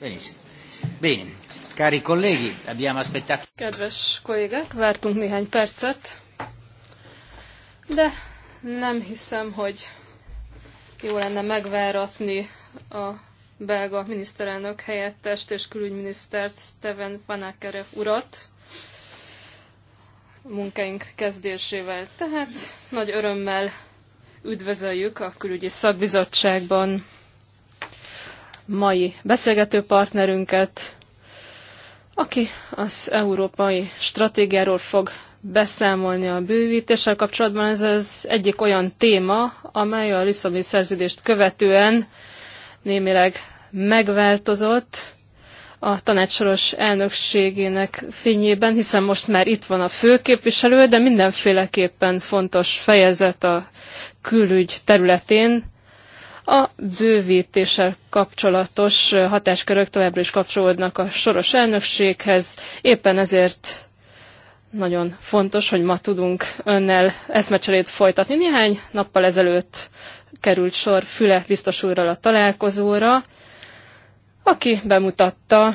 Benissimo. Bene. Cari colleghi, abbiamo aspettato... Kedves kollégák, vártunk néhány percet, de nem hiszem, hogy jó lenne megváratni a belga miniszterelnök helyettest és külügyminisztert Steven Van Akerev urat munkáink kezdésével. Tehát nagy örömmel üdvözöljük a külügyi szakbizottságban mai beszélgető partnerünket, aki az európai stratégiáról fog beszámolni a bővítéssel kapcsolatban. Ez az egyik olyan téma, amely a Lisszaboni szerződést követően némileg megváltozott a tanácsoros elnökségének fényében, hiszen most már itt van a főképviselő, de mindenféleképpen fontos fejezet a külügy területén, a bővítéssel kapcsolatos hatáskörök továbbra is kapcsolódnak a soros elnökséghez, éppen ezért nagyon fontos, hogy ma tudunk önnel eszmecserét folytatni. Néhány nappal ezelőtt került sor Füle biztos úrral a találkozóra, aki bemutatta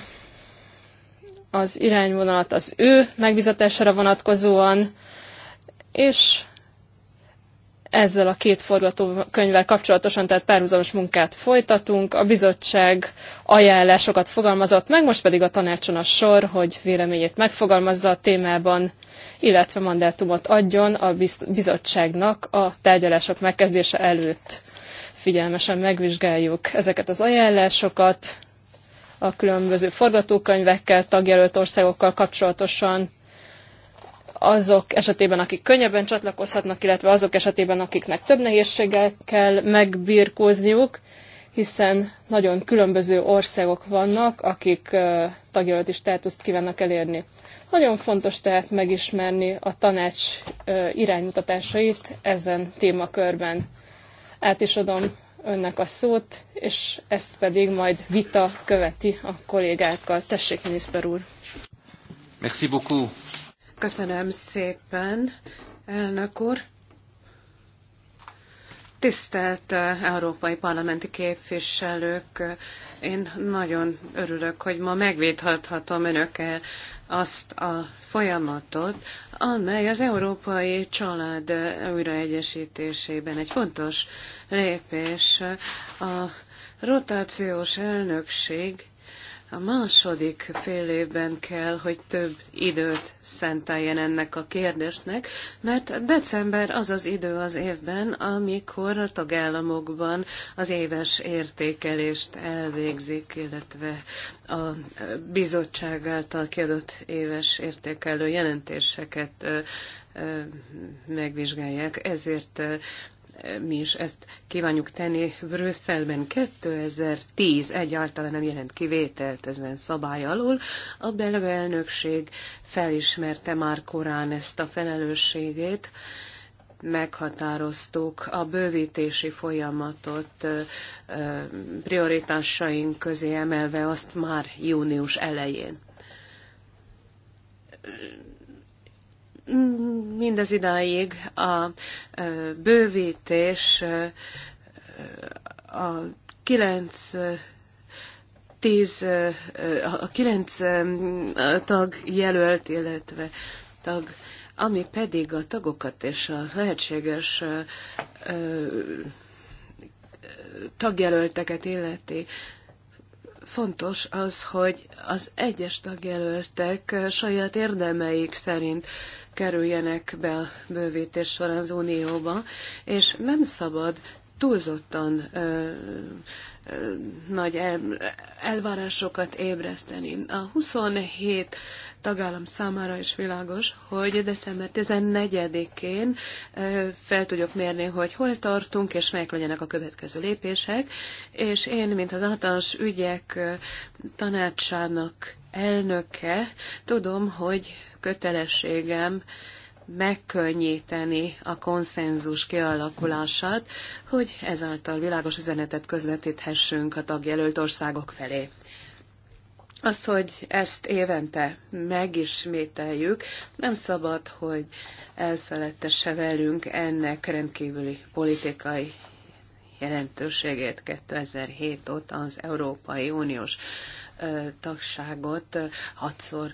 az irányvonalat az ő megbizatására vonatkozóan, és ezzel a két forgatókönyvvel kapcsolatosan, tehát párhuzamos munkát folytatunk. A bizottság ajánlásokat fogalmazott meg, most pedig a tanácson a sor, hogy véleményét megfogalmazza a témában, illetve mandátumot adjon a bizottságnak a tárgyalások megkezdése előtt. Figyelmesen megvizsgáljuk ezeket az ajánlásokat, a különböző forgatókönyvekkel, tagjelölt országokkal kapcsolatosan, azok esetében, akik könnyebben csatlakozhatnak, illetve azok esetében, akiknek több nehézséggel kell megbirkózniuk, hiszen nagyon különböző országok vannak, akik tagjelölti státuszt kívánnak elérni. Nagyon fontos tehát megismerni a tanács iránymutatásait ezen témakörben. Át is adom önnek a szót, és ezt pedig majd vita követi a kollégákkal. Tessék, miniszter úr! Merci beaucoup. Köszönöm szépen, elnök úr. Tisztelt eh, európai parlamenti képviselők, eh, én nagyon örülök, hogy ma megvédhathatom önökkel azt a folyamatot, amely az európai család eh, újraegyesítésében egy fontos lépés. A rotációs elnökség a második fél évben kell, hogy több időt szenteljen ennek a kérdésnek, mert december az az idő az évben, amikor a tagállamokban az éves értékelést elvégzik, illetve a bizottság által kiadott éves értékelő jelentéseket megvizsgálják. Ezért mi is ezt kívánjuk tenni. Brüsszelben 2010 egyáltalán nem jelent kivételt ezen szabály alól. A belga elnökség felismerte már korán ezt a felelősségét, meghatároztuk a bővítési folyamatot prioritásaink közé emelve azt már június elején mindez idáig a bővítés a 9 10 a 9 tag jelölt, illetve tag, ami pedig a tagokat és a lehetséges tagjelölteket illeti fontos az, hogy az egyes tagjelöltek saját érdemeik szerint kerüljenek be a bővítés során az Unióba, és nem szabad túlzottan ö, ö, nagy el, elvárásokat ébreszteni. A 27 tagállam számára is világos, hogy december 14-én fel tudjuk mérni, hogy hol tartunk, és melyek legyenek a következő lépések, és én, mint az általános ügyek tanácsának elnöke, tudom, hogy kötelességem megkönnyíteni a konszenzus kialakulását, hogy ezáltal világos üzenetet közvetíthessünk a tagjelölt országok felé. Az, hogy ezt évente megismételjük, nem szabad, hogy elfeledtesse velünk ennek rendkívüli politikai jelentőségét 2007 óta az Európai Uniós tagságot hatszor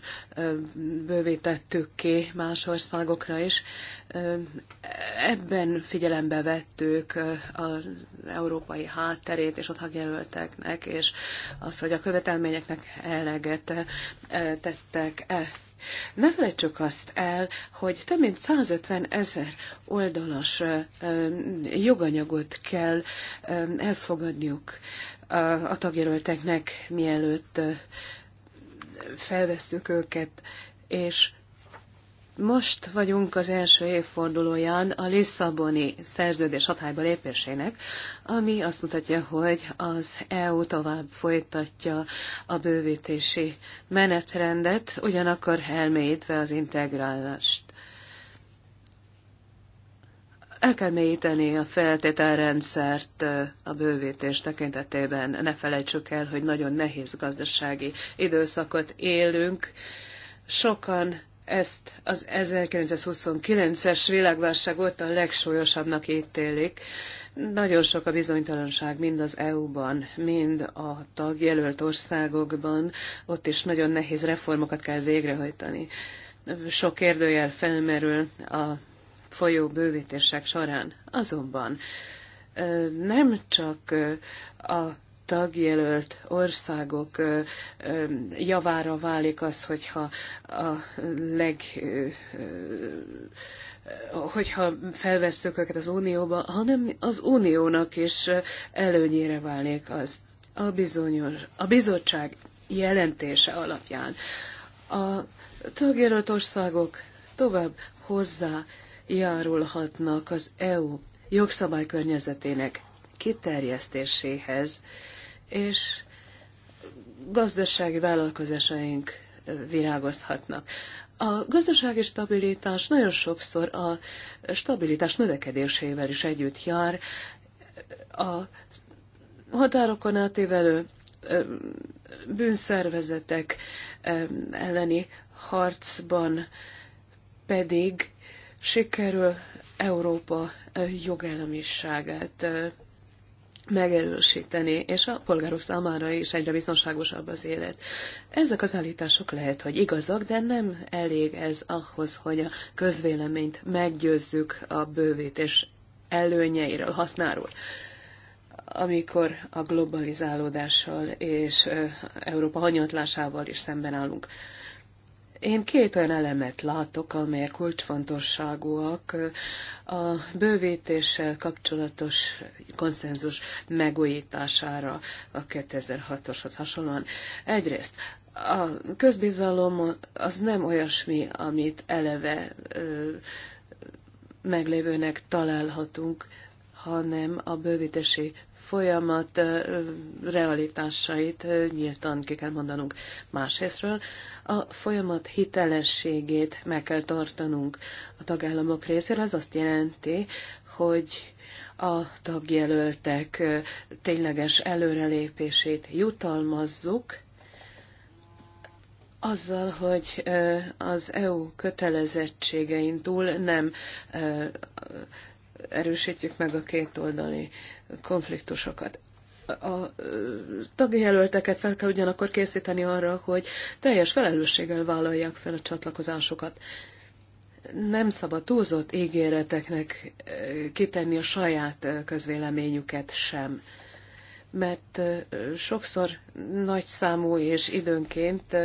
bővítettük ki más országokra is. Ebben figyelembe vettük az európai hátterét és a tagjelölteknek, és az, hogy a követelményeknek eleget tettek-e. Ne felejtsük azt el, hogy több mint 150 ezer oldalas joganyagot kell elfogadniuk a tagjelölteknek, mielőtt felvesszük őket, és most vagyunk az első évfordulóján a Lisszaboni szerződés hatályba lépésének, ami azt mutatja, hogy az EU tovább folytatja a bővítési menetrendet, ugyanakkor elmélyítve az integrálást. El kell mélyíteni a feltételrendszert a bővítés tekintetében. Ne felejtsük el, hogy nagyon nehéz gazdasági időszakot élünk. Sokan ezt az 1929-es világválság óta a legsúlyosabbnak ítélik. Nagyon sok a bizonytalanság mind az EU-ban, mind a tagjelölt országokban. Ott is nagyon nehéz reformokat kell végrehajtani. Sok kérdőjel felmerül a folyó bővítések során. Azonban nem csak a tagjelölt országok javára válik az, hogyha a leg hogyha felvesszük őket az Unióba, hanem az Uniónak is előnyére válnék az a, bizonyos, a bizottság jelentése alapján. A tagjelölt országok tovább hozzá járulhatnak az EU jogszabálykörnyezetének kiterjesztéséhez, és gazdasági vállalkozásaink virágozhatnak. A gazdasági stabilitás nagyon sokszor a stabilitás növekedésével is együtt jár. A határokon átévelő bűnszervezetek elleni harcban pedig sikerül Európa jogállamiságát megerősíteni, és a polgárok számára is egyre biztonságosabb az élet. Ezek az állítások lehet, hogy igazak, de nem elég ez ahhoz, hogy a közvéleményt meggyőzzük a bővítés előnyeiről, hasznáról. Amikor a globalizálódással és Európa hanyatlásával is szemben állunk. Én két olyan elemet látok, amelyek kulcsfontosságúak a bővítéssel kapcsolatos konszenzus megújítására a 2006-oshoz hasonlóan. Egyrészt a közbizalom az nem olyasmi, amit eleve meglévőnek találhatunk, hanem a bővítési folyamat realitásait nyíltan ki kell mondanunk. Másrésztről a folyamat hitelességét meg kell tartanunk a tagállamok részéről. Az azt jelenti, hogy a tagjelöltek tényleges előrelépését jutalmazzuk, azzal, hogy az EU kötelezettségein túl nem erősítjük meg a kétoldali konfliktusokat a tagjelölteket fel kell ugyanakkor készíteni arra, hogy teljes felelősséggel vállalják fel a csatlakozásokat. Nem szabad túlzott ígéreteknek kitenni a saját közvéleményüket sem, mert sokszor nagy számú és időnként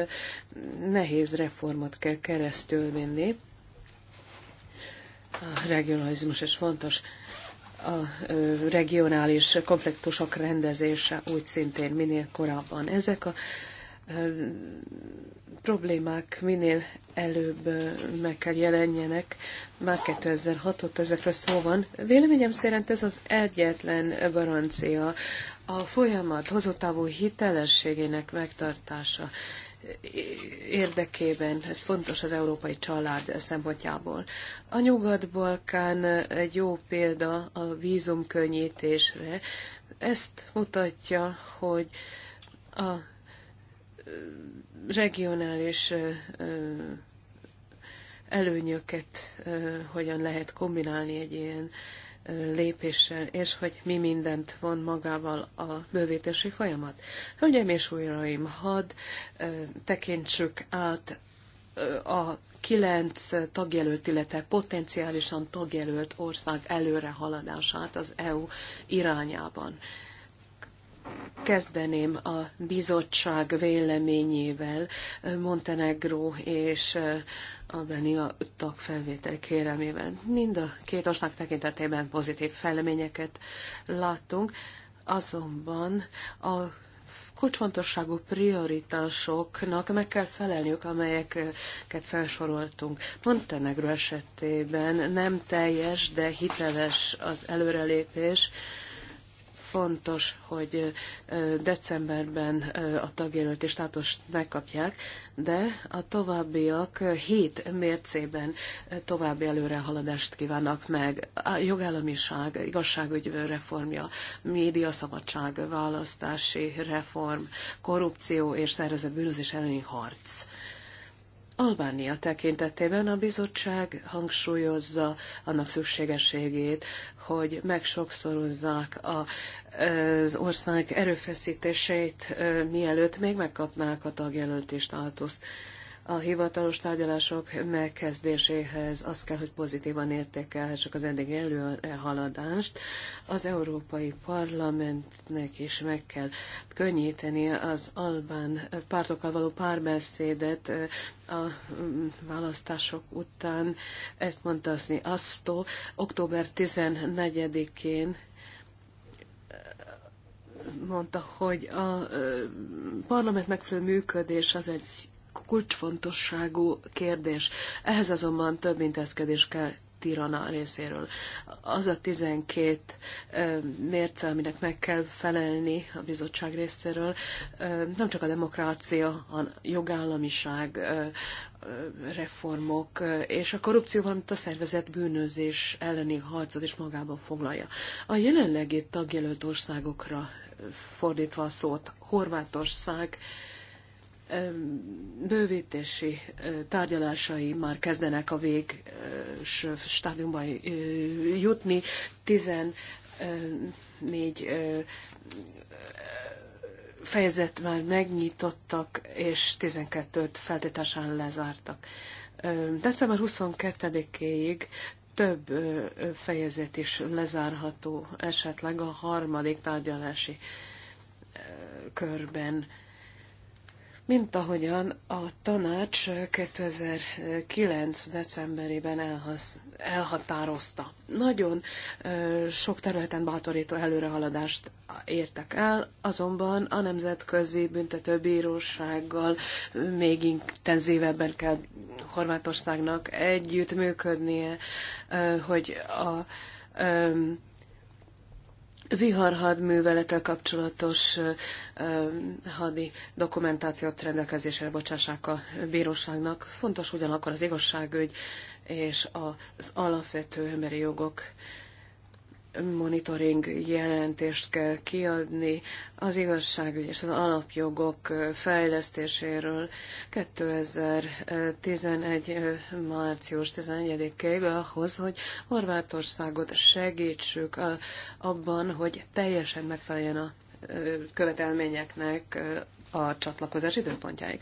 nehéz reformot kell keresztül vinni. A regionalizmus is fontos a regionális konfliktusok rendezése úgy szintén minél korábban. Ezek a problémák minél előbb meg kell jelenjenek. Már 2006 ot ezekről szó van. Véleményem szerint ez az egyetlen garancia a folyamat hozottávú hitelességének megtartása érdekében. Ez fontos az európai család szempontjából. A Nyugat-Balkán egy jó példa a vízumkönnyítésre. Ezt mutatja, hogy a regionális előnyöket hogyan lehet kombinálni egy ilyen lépéssel, és hogy mi mindent von magával a bővítési folyamat. Hölgyeim és újraim, hadd tekintsük át a kilenc tagjelölt, illetve potenciálisan tagjelölt ország előrehaladását az EU irányában kezdeném a bizottság véleményével Montenegró és Albánia a tagfelvétel kéremével. Mind a két ország tekintetében pozitív fejleményeket láttunk, azonban a kulcsfontosságú prioritásoknak meg kell felelniük, amelyeket felsoroltunk. Montenegro esetében nem teljes, de hiteles az előrelépés fontos, hogy decemberben a tagjelölti státust megkapják, de a továbbiak hét mércében további előrehaladást kívánnak meg. A jogállamiság, igazságügy reformja, médiaszabadság, választási reform, korrupció és szervezett bűnözés elleni harc. Albánia tekintetében a bizottság hangsúlyozza annak szükségességét, hogy megsokszorozzák a, az ország erőfeszítéseit, mielőtt még megkapnák a tagjelölti státuszt a hivatalos tárgyalások megkezdéséhez azt kell, hogy pozitívan értékelhessük az eddig előrehaladást. Az Európai Parlamentnek is meg kell könnyíteni az albán pártokkal való párbeszédet a választások után. Ezt mondta hogy Asztó, október 14-én mondta, hogy a parlament megfelelő működés az egy kulcsfontosságú kérdés. Ehhez azonban több intézkedés kell Tirana részéről. Az a 12 mérce, aminek meg kell felelni a bizottság részéről, nem csak a demokrácia, a jogállamiság, reformok és a korrupció, valamint a szervezet bűnözés elleni harcot is magában foglalja. A jelenlegi tagjelölt országokra fordítva a szót, Horvátország, bővítési tárgyalásai már kezdenek a vég stádiumba jutni. 14 fejezet már megnyitottak, és 12-t feltétlenül lezártak. December 22-éig több fejezet is lezárható esetleg a harmadik tárgyalási körben mint ahogyan a tanács 2009. decemberében elhasz, elhatározta. Nagyon sok területen bátorító előrehaladást értek el, azonban a Nemzetközi Büntetőbírósággal még intenzívebben kell Horvátországnak együttműködnie, hogy a viharhadművelettel kapcsolatos hadi dokumentációt rendelkezésre bocsássák a bíróságnak. Fontos ugyanakkor az igazságügy és az alapvető emberi jogok monitoring jelentést kell kiadni az igazságügy és az alapjogok fejlesztéséről 2011. március 11-ig ahhoz, hogy Horvátországot segítsük abban, hogy teljesen megfeleljen a követelményeknek a csatlakozás időpontjáig.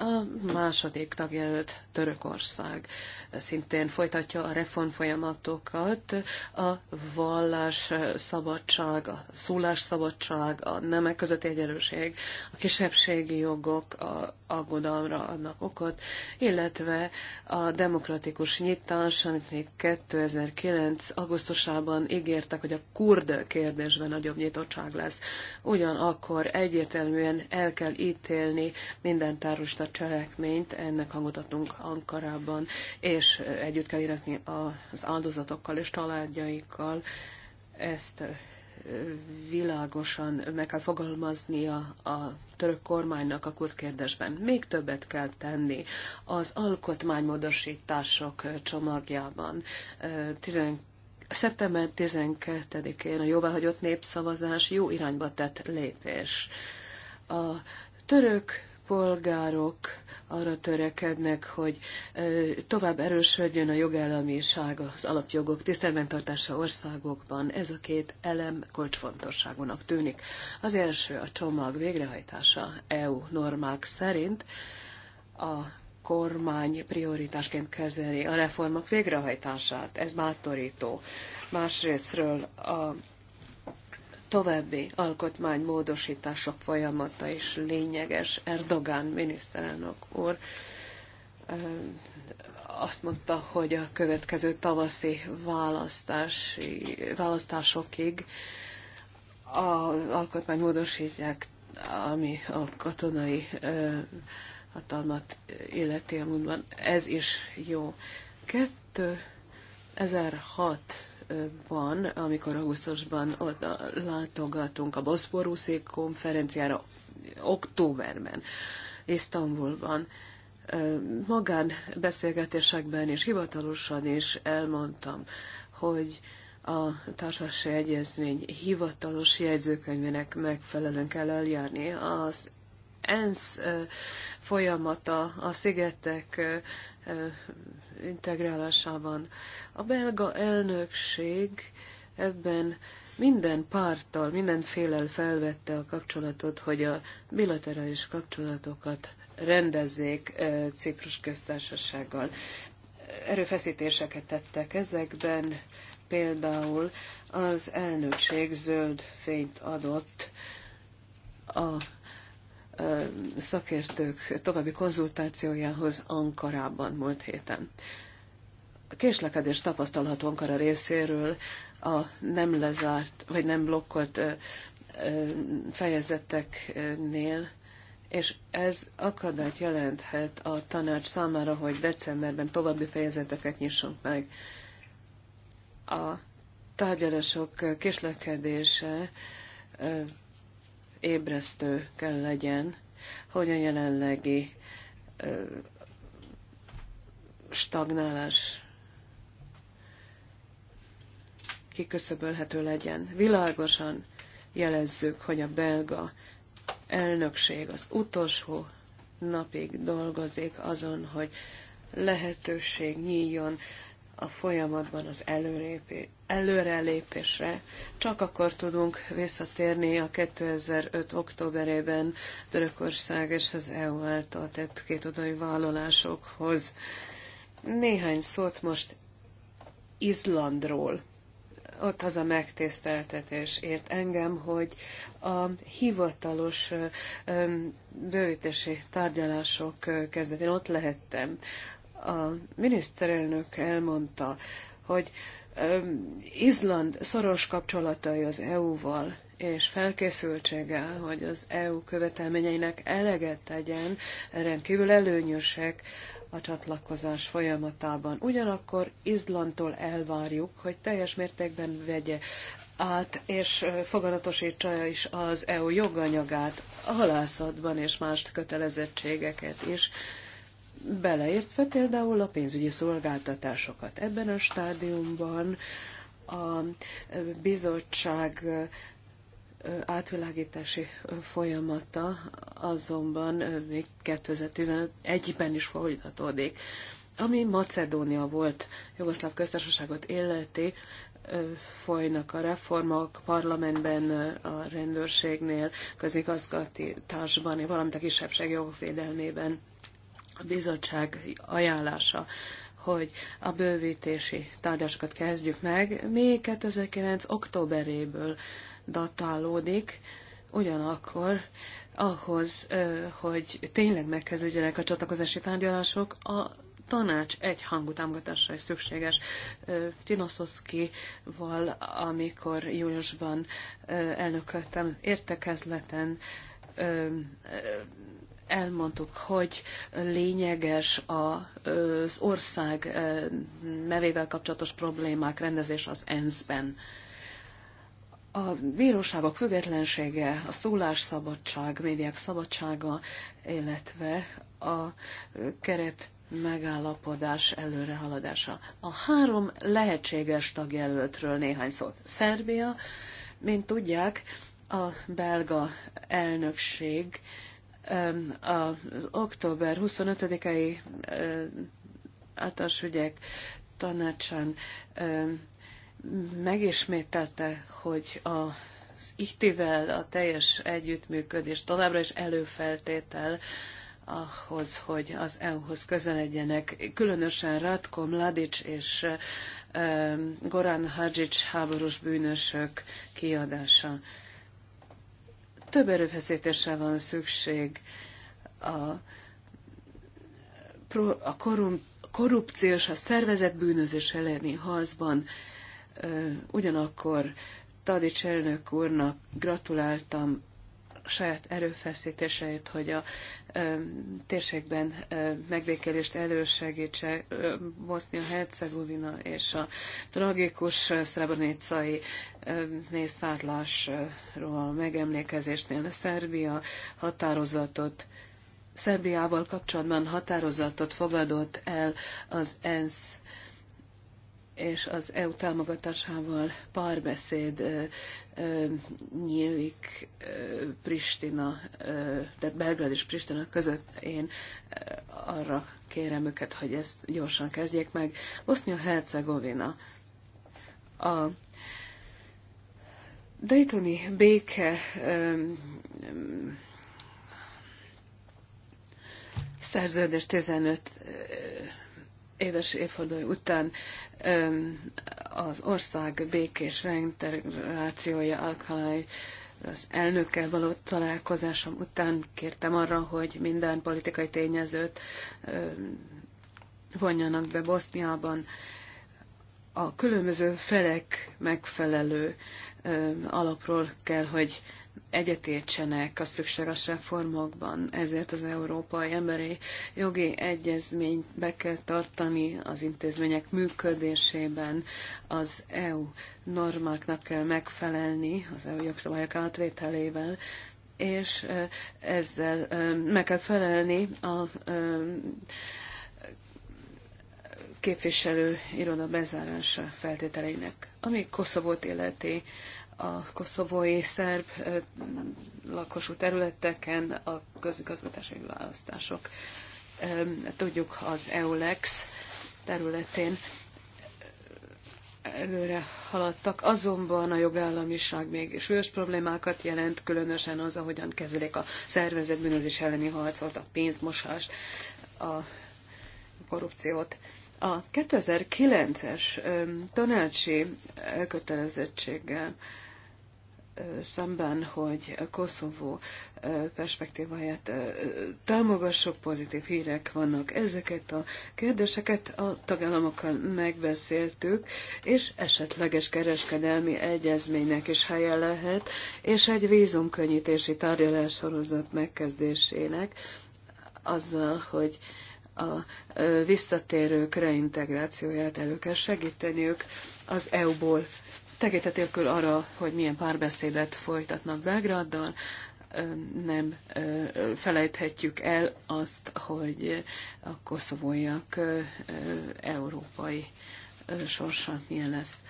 A második tagjelölt Törökország szintén folytatja a reform folyamatokat, a vallás szabadság, a szólásszabadság, a nemek közötti egyenlőség, a kisebbségi jogok, a aggodalomra adnak okot, illetve a demokratikus nyitás, amit még 2009. augusztusában ígértek, hogy a kurd kérdésben nagyobb nyitottság lesz. Ugyanakkor egyértelműen el kell ítélni minden terrorista cselekményt, ennek hangot adtunk Ankarában, és együtt kell érezni az áldozatokkal és családjaikkal. Ezt világosan meg kell fogalmaznia a török kormánynak a kurd kérdésben. Még többet kell tenni az alkotmánymódosítások csomagjában. 12 szeptember 12-én a jóváhagyott népszavazás jó irányba tett lépés. A török polgárok arra törekednek, hogy tovább erősödjön a jogállamiság, az alapjogok tiszteletben tartása országokban. Ez a két elem kulcsfontosságúnak tűnik. Az első a csomag végrehajtása EU normák szerint. A kormány prioritásként kezeli a reformok végrehajtását. Ez bátorító. Másrésztről a további alkotmánymódosítások folyamata is lényeges. Erdogan miniszterelnök úr azt mondta, hogy a következő tavaszi választási, választásokig a alkotmány módosítják, ami a katonai hatalmat illeti a múltban. Ez is jó. 2006 van, amikor augusztusban oda látogatunk a Boszporuszi konferenciára októberben, Isztambulban magán beszélgetésekben és hivatalosan is elmondtam, hogy a társasági egyezmény hivatalos jegyzőkönyvének megfelelően kell eljárni. Az ENSZ folyamata a szigetek integrálásában. A belga elnökség ebben minden párttal, minden felvette a kapcsolatot, hogy a bilaterális kapcsolatokat rendezzék Ciprus köztársasággal. Erőfeszítéseket tettek ezekben, például az elnökség zöld fényt adott a szakértők további konzultációjához Ankarában múlt héten. A késlekedés tapasztalható Ankara részéről a nem lezárt, vagy nem blokkolt fejezeteknél, és ez akadályt jelenthet a tanács számára, hogy decemberben további fejezeteket nyissunk meg. A tárgyalások késlekedése ébresztő kell legyen, hogy a jelenlegi ö, stagnálás kiköszöbölhető legyen. Világosan jelezzük, hogy a belga elnökség az utolsó napig dolgozik azon, hogy lehetőség nyíljon a folyamatban az előrépé, előrelépésre. Csak akkor tudunk visszatérni a 2005. októberében Törökország és az EU által tett két odai vállalásokhoz. Néhány szót most Izlandról. Ott az a megtiszteltetés ért engem, hogy a hivatalos bővítési tárgyalások kezdetén ott lehettem a miniszterelnök elmondta, hogy Izland szoros kapcsolatai az EU-val és felkészültsége, hogy az EU követelményeinek eleget tegyen, rendkívül előnyösek a csatlakozás folyamatában. Ugyanakkor Izlandtól elvárjuk, hogy teljes mértékben vegye át és foganatosítsa is az EU joganyagát a halászatban és más kötelezettségeket is beleértve például a pénzügyi szolgáltatásokat. Ebben a stádiumban a bizottság átvilágítási folyamata azonban még 2011-ben is folytatódik. Ami Macedónia volt, Jugoszláv köztársaságot illeti, folynak a reformok parlamentben, a rendőrségnél, közigazgatásban, valamint a kisebbség jogvédelmében a bizottság ajánlása, hogy a bővítési tárgyalásokat kezdjük meg, még 2009. októberéből datálódik, ugyanakkor ahhoz, hogy tényleg megkezdődjenek a csatlakozási tárgyalások, a tanács egy hangú támogatásra is szükséges. Tinoszoszkival, amikor júliusban elnököltem értekezleten, elmondtuk, hogy lényeges az ország nevével kapcsolatos problémák rendezés az ENSZ-ben. A bíróságok függetlensége, a szólásszabadság, médiák szabadsága, illetve a keret megállapodás előrehaladása. A három lehetséges tagjelöltről néhány szót. Szerbia, mint tudják, a belga elnökség az október 25-i általános ügyek tanácsán megismételte, hogy a az IT-vel a teljes együttműködés továbbra is előfeltétel ahhoz, hogy az EU-hoz közeledjenek, különösen Ratko Mladic és Goran Hadzic háborús bűnösök kiadása. Több erőfeszítésre van szükség a, a korrup, korrupciós, a szervezet bűnözés elleni harcban. Ugyanakkor Tadics elnök úrnak gratuláltam saját erőfeszítéseit, hogy a térségben megbékélést elősegítse Bosznia-Hercegovina és a tragikus szrebrenicai mészárlásról megemlékezésnél a Szerbia határozatot Szerbiával kapcsolatban határozatot fogadott el az ENSZ és az EU támogatásával párbeszéd nyílik Pristina, tehát Belgrád és Pristina között. Én arra kérem őket, hogy ezt gyorsan kezdjék meg. Bosznia-Hercegovina. A Daytoni béke szerződés 15 éves évforduló után az ország békés reintegrációja alkalmai az elnökkel való találkozásom után kértem arra, hogy minden politikai tényezőt vonjanak be Boszniában a különböző felek megfelelő alapról kell, hogy egyetértsenek a szükséges reformokban, ezért az Európai Emberi Jogi Egyezményt be kell tartani az intézmények működésében, az EU normáknak kell megfelelni az EU jogszabályok átvételével, és ezzel meg kell felelni a képviselő iroda bezárása feltételeinek, ami Koszovót illeti a koszovói szerb lakosú területeken a közigazgatási választások. Tudjuk az EULEX területén előre haladtak, azonban a jogállamiság még súlyos problémákat jelent, különösen az, ahogyan kezelik a szervezet bűnözés elleni harcot, a pénzmosást, a korrupciót. A 2009-es tanácsi elkötelezettséggel szemben, hogy Koszovó perspektíváját támogassuk, pozitív hírek vannak. Ezeket a kérdéseket a tagállamokkal megbeszéltük, és esetleges kereskedelmi egyezménynek is helye lehet, és egy vízumkönnyítési tárgyalás sorozat megkezdésének, azzal, hogy a visszatérők reintegrációját elő kell segíteniük az EU-ból tekintetélkül arra, hogy milyen párbeszédet folytatnak Belgráddal, nem felejthetjük el azt, hogy a koszovóiak európai sorsa milyen lesz.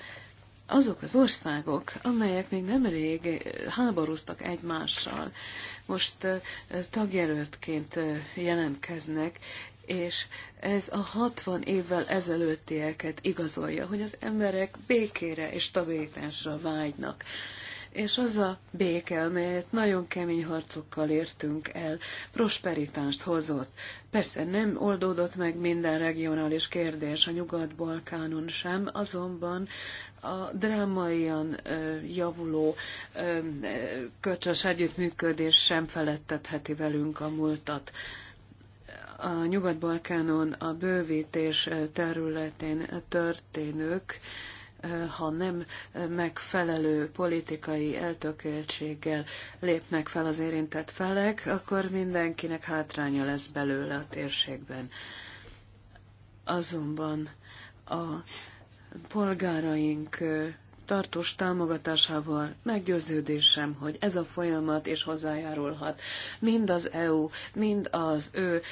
Azok az országok, amelyek még nemrég háborúztak egymással, most tagjelöltként jelentkeznek, és ez a 60 évvel ezelőttieket igazolja, hogy az emberek békére és stabilitásra vágynak. És az a béke, amelyet nagyon kemény harcokkal értünk el, prosperitást hozott. Persze nem oldódott meg minden regionális kérdés a Nyugat-Balkánon sem, azonban a drámaian javuló ö, kölcsös együttműködés sem felettetheti velünk a múltat a Nyugat-Balkánon a bővítés területén történők, ha nem megfelelő politikai eltökéltséggel lépnek fel az érintett felek, akkor mindenkinek hátránya lesz belőle a térségben. Azonban a polgáraink tartós támogatásával meggyőződésem, hogy ez a folyamat is hozzájárulhat mind az EU, mind az ő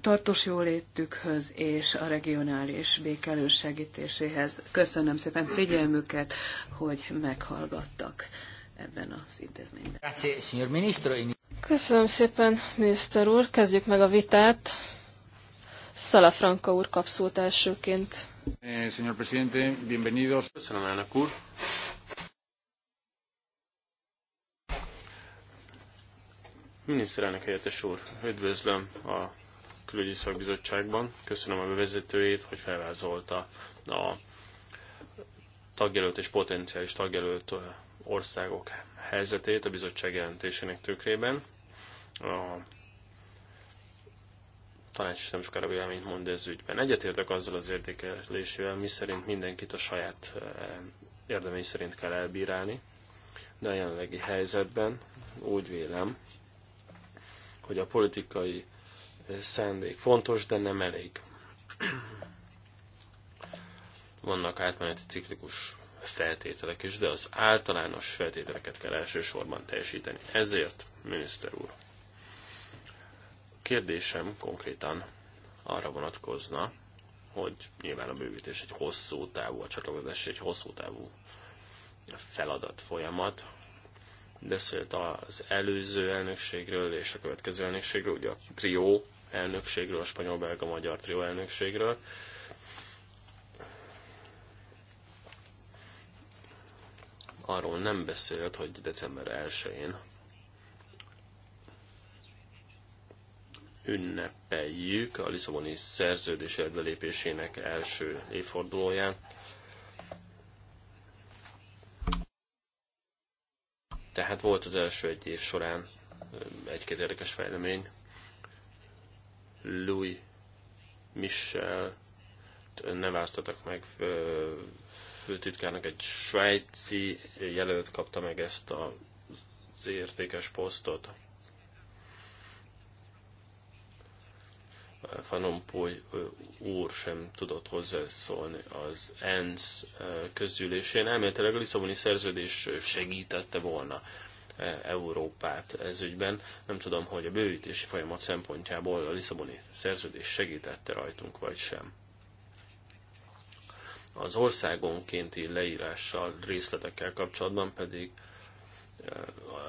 tartós jólétükhöz és a regionális békelős segítéséhez. Köszönöm szépen figyelmüket, hogy meghallgattak ebben az intézményben. Köszönöm szépen, miniszter úr. Kezdjük meg a vitát. Szala Franka úr kap elsőként. Eh, señor presidente, bienvenidos. Köszönöm, elnök úr. Miniszterelnök helyettes úr, üdvözlöm a külügyi szakbizottságban. Köszönöm a bevezetőjét, hogy felvázolta a tagjelölt és potenciális tagjelölt eh, országok helyzetét a bizottság jelentésének tükrében. A tanács is nem sokára véleményt mond ez ügyben. Egyetértek azzal az értékelésével, mi szerint mindenkit a saját eh, érdemény szerint kell elbírálni, de a jelenlegi helyzetben úgy vélem, hogy a politikai eh, szándék fontos, de nem elég. Vannak átmeneti ciklikus feltételek is, de az általános feltételeket kell elsősorban teljesíteni. Ezért, miniszter úr, kérdésem konkrétan arra vonatkozna, hogy nyilván a bővítés egy hosszú távú, a csatlakozás egy hosszú távú feladat, folyamat. Beszélt az előző elnökségről és a következő elnökségről, ugye a trió elnökségről, a spanyol-belga-magyar trió elnökségről. Arról nem beszélt, hogy december 1-én ünnepeljük a Lisszaboni szerződés belépésének első évfordulóját. Tehát volt az első egy év során egy-két érdekes fejlemény. Louis Michel ne választottak meg főtitkárnak, egy svájci jelölt kapta meg ezt az értékes posztot. Fanompoly úr sem tudott hozzászólni az ENSZ közgyűlésén. Elméletileg a Lisszaboni szerződés segítette volna Európát ez ügyben. Nem tudom, hogy a bővítési folyamat szempontjából a Lisszaboni szerződés segítette rajtunk, vagy sem. Az országonkénti leírással, részletekkel kapcsolatban pedig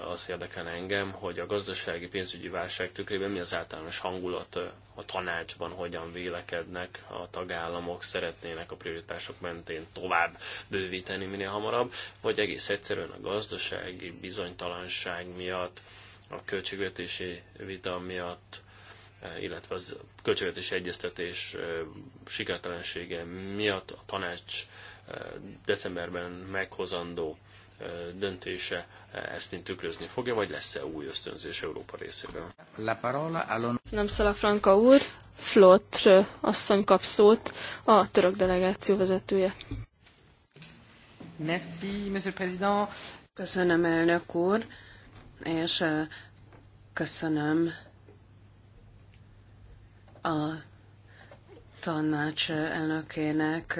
az érdekel engem, hogy a gazdasági pénzügyi válság tükrében mi az általános hangulat a tanácsban, hogyan vélekednek a tagállamok, szeretnének a prioritások mentén tovább bővíteni minél hamarabb, vagy egész egyszerűen a gazdasági bizonytalanság miatt, a költségvetési vita miatt, illetve az költségvetési egyeztetés sikertelensége miatt a tanács decemberben meghozandó döntése ezt tükrözni fogja, vagy lesz-e új ösztönzés Európa részéről? La parola alon... Nem Szala Franka úr, Flotr asszony kap szót, a török delegáció vezetője. Merci, Monsieur Président. Köszönöm, elnök úr, és köszönöm a tanács elnökének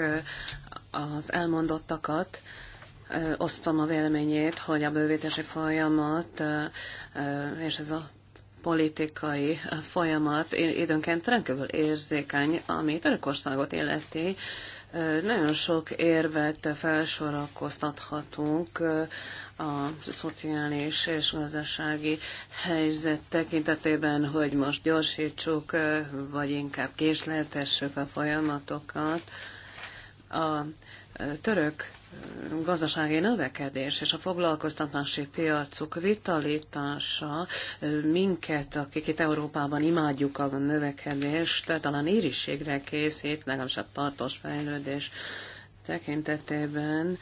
az elmondottakat osztom a véleményét, hogy a bővítési folyamat és ez a politikai folyamat időnként rendkívül érzékeny, ami Törökországot illeti. Nagyon sok érvet felsorakoztathatunk a szociális és gazdasági helyzet tekintetében, hogy most gyorsítsuk, vagy inkább késleltessük a folyamatokat. A török gazdasági növekedés és a foglalkoztatási piacuk vitalitása minket, akik itt Európában imádjuk a növekedést, talán ériségre készít, legalábbis a tartós fejlődés tekintetében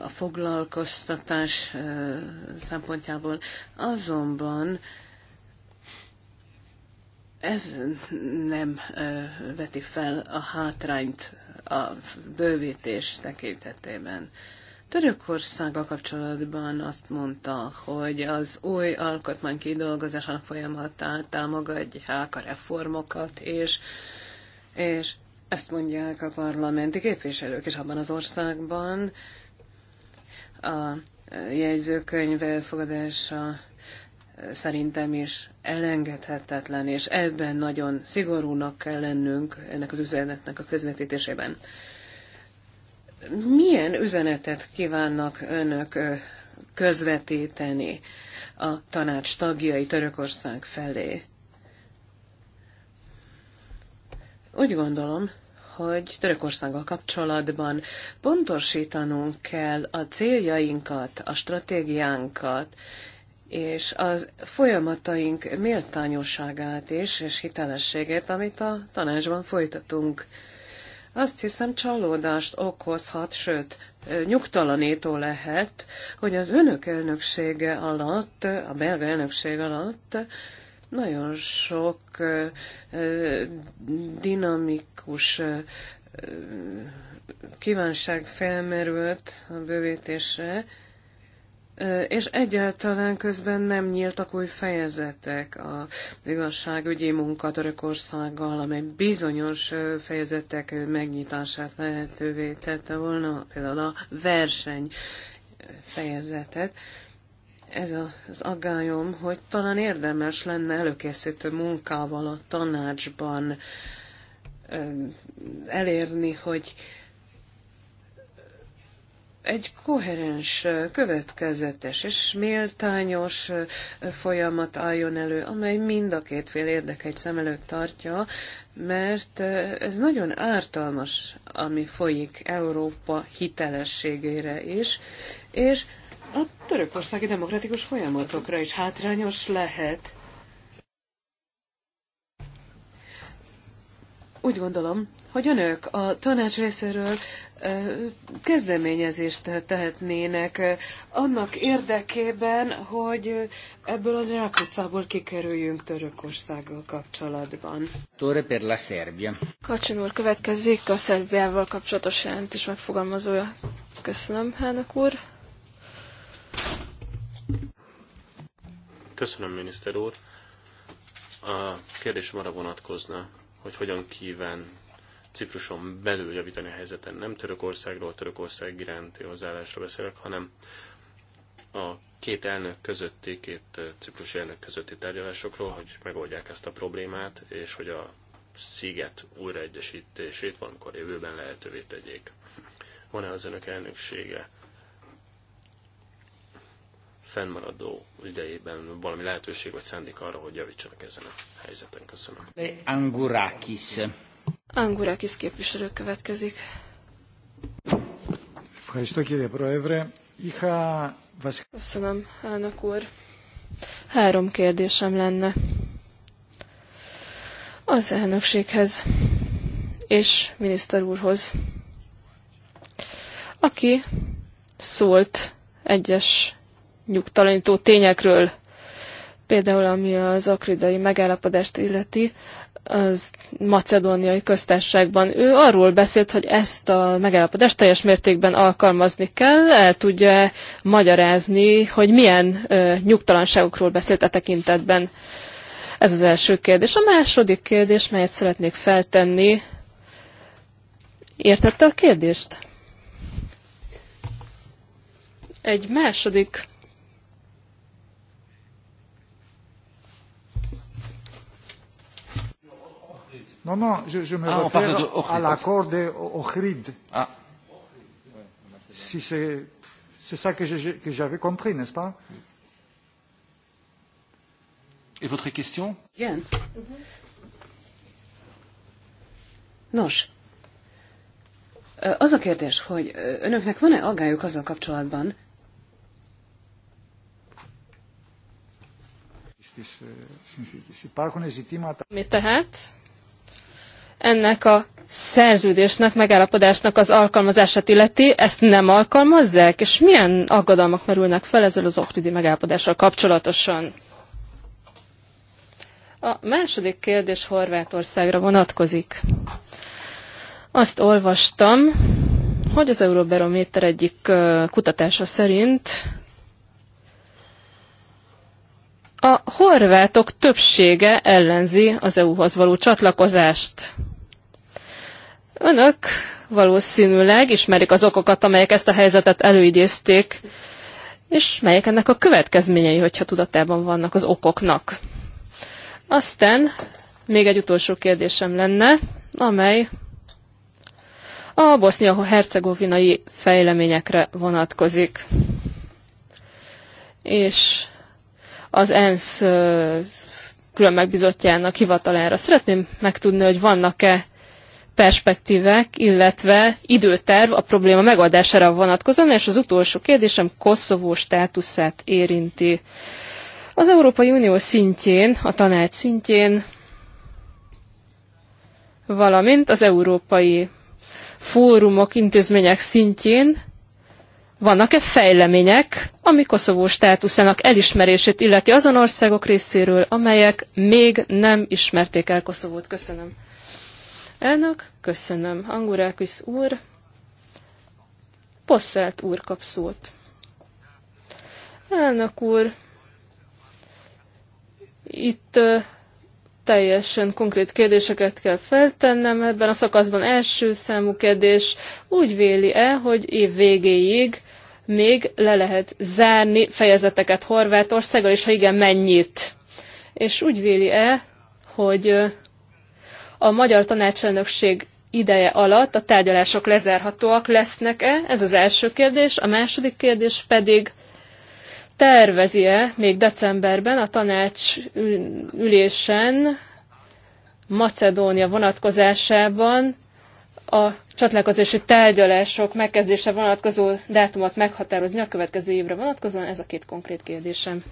a foglalkoztatás szempontjából. Azonban ez nem veti fel a hátrányt a bővítés tekintetében. Törökországgal kapcsolatban azt mondta, hogy az új alkotmány kidolgozásának folyamatát támogatják a reformokat, és, és ezt mondják a parlamenti képviselők is abban az országban. A jegyzőkönyv elfogadása szerintem is elengedhetetlen, és ebben nagyon szigorúnak kell lennünk ennek az üzenetnek a közvetítésében. Milyen üzenetet kívánnak önök közvetíteni a tanács tagjai Törökország felé? Úgy gondolom, hogy Törökországgal kapcsolatban pontosítanunk kell a céljainkat, a stratégiánkat, és az folyamataink méltányosságát is, és hitelességét, amit a tanácsban folytatunk. Azt hiszem csalódást okozhat, sőt, nyugtalanító lehet, hogy az önök elnöksége alatt, a belga elnökség alatt nagyon sok dinamikus kívánság felmerült a bővítésre, és egyáltalán közben nem nyíltak új fejezetek a igazságügyi munka Törökországgal, amely bizonyos fejezetek megnyitását lehetővé tette volna, például a verseny fejezetet. Ez az aggályom, hogy talán érdemes lenne előkészítő munkával a tanácsban elérni, hogy egy koherens, következetes és méltányos folyamat álljon elő, amely mind a két fél érdekeit szem előtt tartja, mert ez nagyon ártalmas, ami folyik Európa hitelességére is, és a törökországi demokratikus folyamatokra is hátrányos lehet. Úgy gondolom, hogy önök a tanács részéről kezdeményezést tehetnének annak érdekében, hogy ebből az rákutcából kikerüljünk Törökországgal kapcsolatban. Tore per la Serbia. Kacsin úr következik a Szerbiával kapcsolatos jelentés megfogalmazója. Köszönöm, Hának úr. Köszönöm, miniszter úr. A kérdésem arra vonatkozna, hogy hogyan kíván Cipruson belül javítani a helyzeten. Nem Törökországról, Törökország iránti hozzáállásról beszélek, hanem a két elnök közötti, két ciprusi elnök közötti tárgyalásokról, hogy megoldják ezt a problémát, és hogy a sziget újraegyesítését valamikor jövőben lehetővé tegyék. Van-e az önök elnöksége fennmaradó idejében valami lehetőség vagy szándék arra, hogy javítsanak ezen a helyzeten? Köszönöm. Angurakis. Angurakis képviselő következik. Köszönöm, elnök úr. Három kérdésem lenne. Az elnökséghez és miniszter úrhoz, aki szólt egyes nyugtalanító tényekről, például ami az akridai megállapodást illeti, az macedóniai köztársaságban. Ő arról beszélt, hogy ezt a megállapodást teljes mértékben alkalmazni kell, el tudja magyarázni, hogy milyen ö, nyugtalanságokról beszélt a e tekintetben. Ez az első kérdés. A második kérdés, melyet szeretnék feltenni, értette a kérdést? Egy második Non, non, je, je me ah, réfère de à l'accord de Ohrid. Ah. Si c'est, ça que, j'avais compris, n'est-ce pas Et votre question Bien. Nos, az a kérdés, hogy önöknek van-e aggályuk azzal kapcsolatban, Mi tehát ennek a szerződésnek, megállapodásnak az alkalmazását illeti, ezt nem alkalmazzák, és milyen aggodalmak merülnek fel ezzel az oktidi megállapodással kapcsolatosan? A második kérdés Horvátországra vonatkozik. Azt olvastam, hogy az Euróbarométer egyik kutatása szerint a horvátok többsége ellenzi az EU-hoz való csatlakozást. Önök valószínűleg ismerik az okokat, amelyek ezt a helyzetet előidézték, és melyek ennek a következményei, hogyha tudatában vannak az okoknak. Aztán még egy utolsó kérdésem lenne, amely a bosznia-hercegovinai fejleményekre vonatkozik. És az ENSZ külön megbizotjának hivatalára. Szeretném megtudni, hogy vannak-e perspektívek, illetve időterv a probléma megoldására vonatkozóan, és az utolsó kérdésem Koszovó státuszát érinti. Az Európai Unió szintjén, a tanács szintjén, valamint az európai fórumok, intézmények szintjén vannak-e fejlemények, ami Koszovó státuszának elismerését illeti azon országok részéről, amelyek még nem ismerték el Koszovót. Köszönöm. Elnök, köszönöm. Angurákis úr, Posselt úr kap szót. Elnök úr, itt teljesen konkrét kérdéseket kell feltennem. Ebben a szakaszban első számú kérdés úgy véli-e, hogy év végéig még le lehet zárni fejezeteket Horvátországgal, és ha igen, mennyit? És úgy véli-e, hogy a magyar tanácselnökség ideje alatt a tárgyalások lezárhatóak lesznek-e? Ez az első kérdés. A második kérdés pedig tervezi-e még decemberben a tanács ülésen Macedónia vonatkozásában a csatlakozási tárgyalások megkezdése vonatkozó dátumot meghatározni a következő évre vonatkozóan? Ez a két konkrét kérdésem.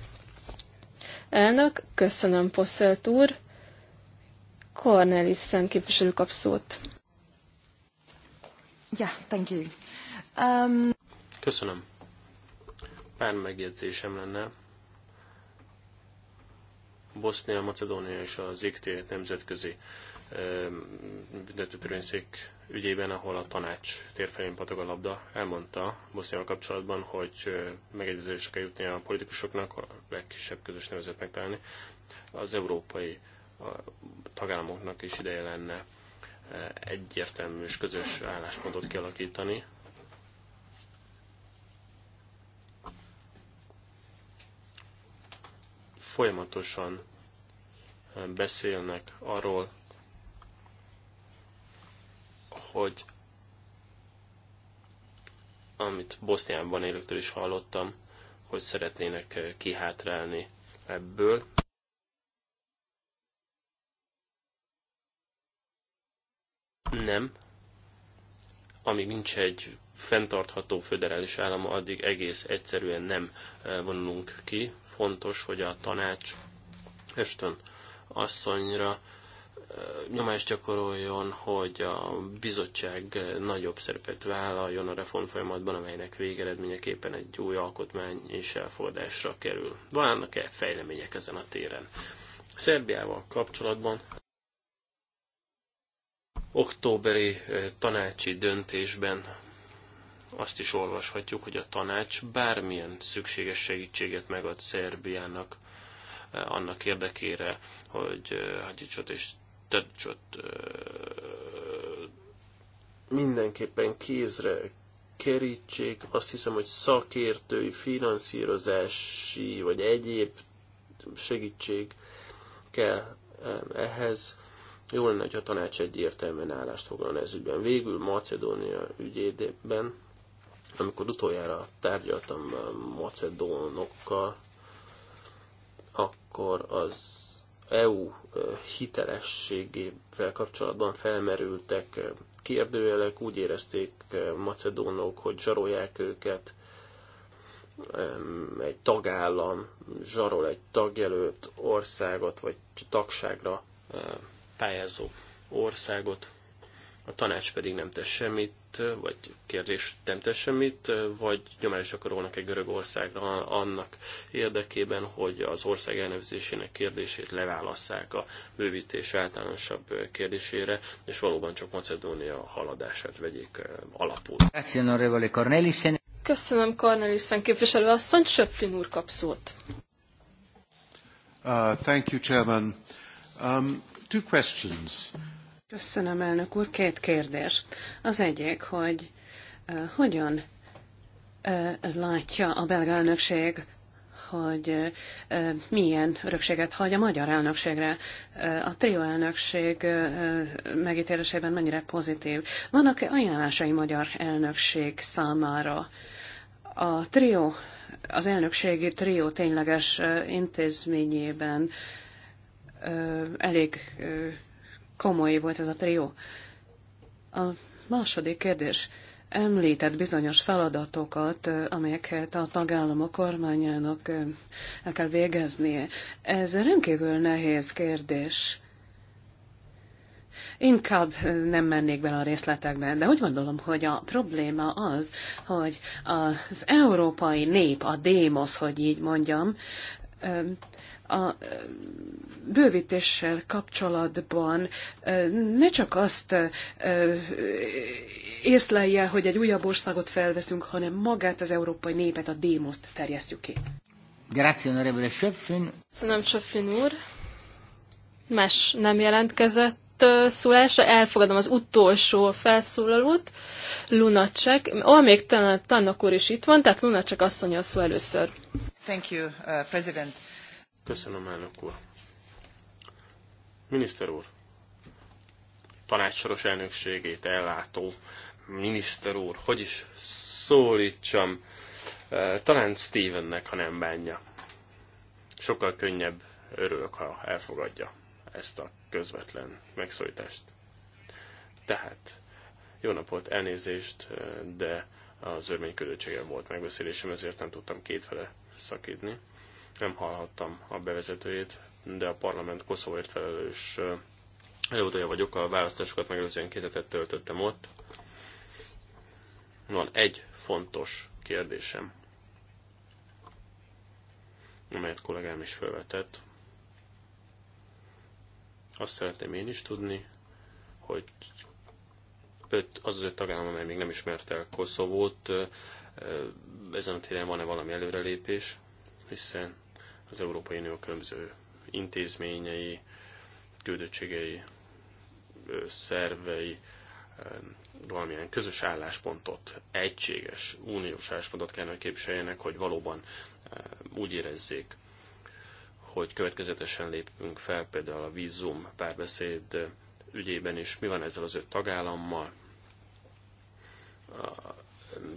Elnök, köszönöm Posselt úr. Szent képviselő kap szót. Yeah, thank you. Um... Köszönöm. Pár megjegyzésem lenne. Bosznia, Macedónia és az IKT nemzetközi büntetőtörvényszék ügyében, ahol a tanács térfelén patog a labda, elmondta Boszniával kapcsolatban, hogy megegyezésre kell jutni a politikusoknak, a legkisebb közös nevezőt megtalálni. Az európai tagállamoknak is ideje lenne egyértelmű és közös álláspontot kialakítani, folyamatosan beszélnek arról, hogy amit Boszniában élőktől is hallottam, hogy szeretnének eh, kihátrálni ebből. Nem. Amíg nincs egy fenntartható föderális állam, addig egész egyszerűen nem eh, vonulunk ki. Fontos, hogy a tanács Östön asszonyra nyomást gyakoroljon, hogy a bizottság nagyobb szerepet vállaljon a reform folyamatban, amelynek végeredményeképpen egy új alkotmány és elfogadásra kerül. Vannak-e fejlemények ezen a téren? Szerbiával kapcsolatban októberi eh, tanácsi döntésben azt is olvashatjuk, hogy a tanács bármilyen szükséges segítséget megad Szerbiának eh, annak érdekére, hogy eh, Hadzsicsot és tanácsot mindenképpen kézre kerítsék. Azt hiszem, hogy szakértői, finanszírozási vagy egyéb segítség kell ehhez. Jó lenne, hogy a tanács egyértelműen állást foglalna ez ügyben. Végül Macedónia ügyében, amikor utoljára tárgyaltam macedónokkal, akkor az EU hitelességével kapcsolatban felmerültek kérdőjelek, úgy érezték macedónok, hogy zsarolják őket, egy tagállam zsarol egy tagjelölt országot, vagy tagságra pályázó országot, a tanács pedig nem tesz semmit, vagy kérdés nem tesz semmit, vagy nyomás gyakorolnak egy Görögországra annak érdekében, hogy az ország elnevezésének kérdését leválasszák a bővítés általánosabb kérdésére, és valóban csak Macedónia haladását vegyék eh, alapul. Köszönöm Cornelissen képviselő asszony, Söplin úr kap szót. Uh, thank you, Chairman. Um, two questions. Köszönöm, elnök úr. Két kérdés. Az egyik, hogy uh, hogyan uh, látja a belga elnökség hogy milyen örökséget hagy a magyar elnökségre. A trio elnökség megítélésében mennyire pozitív. Vannak -e ajánlásai magyar elnökség számára? A trio, az elnökségi trio tényleges intézményében elég komoly volt ez a trió. A második kérdés említett bizonyos feladatokat, amelyeket a tagállamok kormányának el kell végeznie. Ez rendkívül nehéz kérdés. Inkább nem mennék bele a részletekbe, de úgy gondolom, hogy a probléma az, hogy az európai nép, a démosz, hogy így mondjam, a bővítéssel kapcsolatban ne csak azt észlelje, hogy egy újabb országot felveszünk, hanem magát az európai népet, a démoszt terjesztjük ki. Grazie, onorevole Schöpflin. Köszönöm, Schöpflin úr. Más nem jelentkezett szólása. elfogadom az utolsó felszólalót, Lunacek. Ó, még Tannak úr is itt van, tehát Lunacek asszony a szó először. Thank you, uh, President. Köszönöm, elnök úr. Miniszter úr, tanácsoros elnökségét ellátó miniszter úr, hogy is szólítsam, e, talán Stevennek, ha nem bánja. Sokkal könnyebb, örülök, ha elfogadja ezt a közvetlen megszólítást. Tehát, jó napot, elnézést, e, de az örmény örményködöttségem volt megbeszélésem, ezért nem tudtam kétfele szakítni. Nem hallhattam a bevezetőjét, de a parlament Koszovóért felelős előadója vagyok, a választásokat megelőzően két hetet töltöttem ott. Van egy fontos kérdésem, amelyet kollégám is felvetett. Azt szeretném én is tudni, hogy öt, az az öt tagállam, amely még nem ismerte el Koszovót, ezen a téren van-e valami előrelépés, hiszen az Európai Unió különböző intézményei, küldöttségei, szervei valamilyen közös álláspontot, egységes, uniós álláspontot kellene képviseljenek, hogy valóban úgy érezzék, hogy következetesen lépünk fel például a vízum párbeszéd ügyében is, mi van ezzel az öt tagállammal,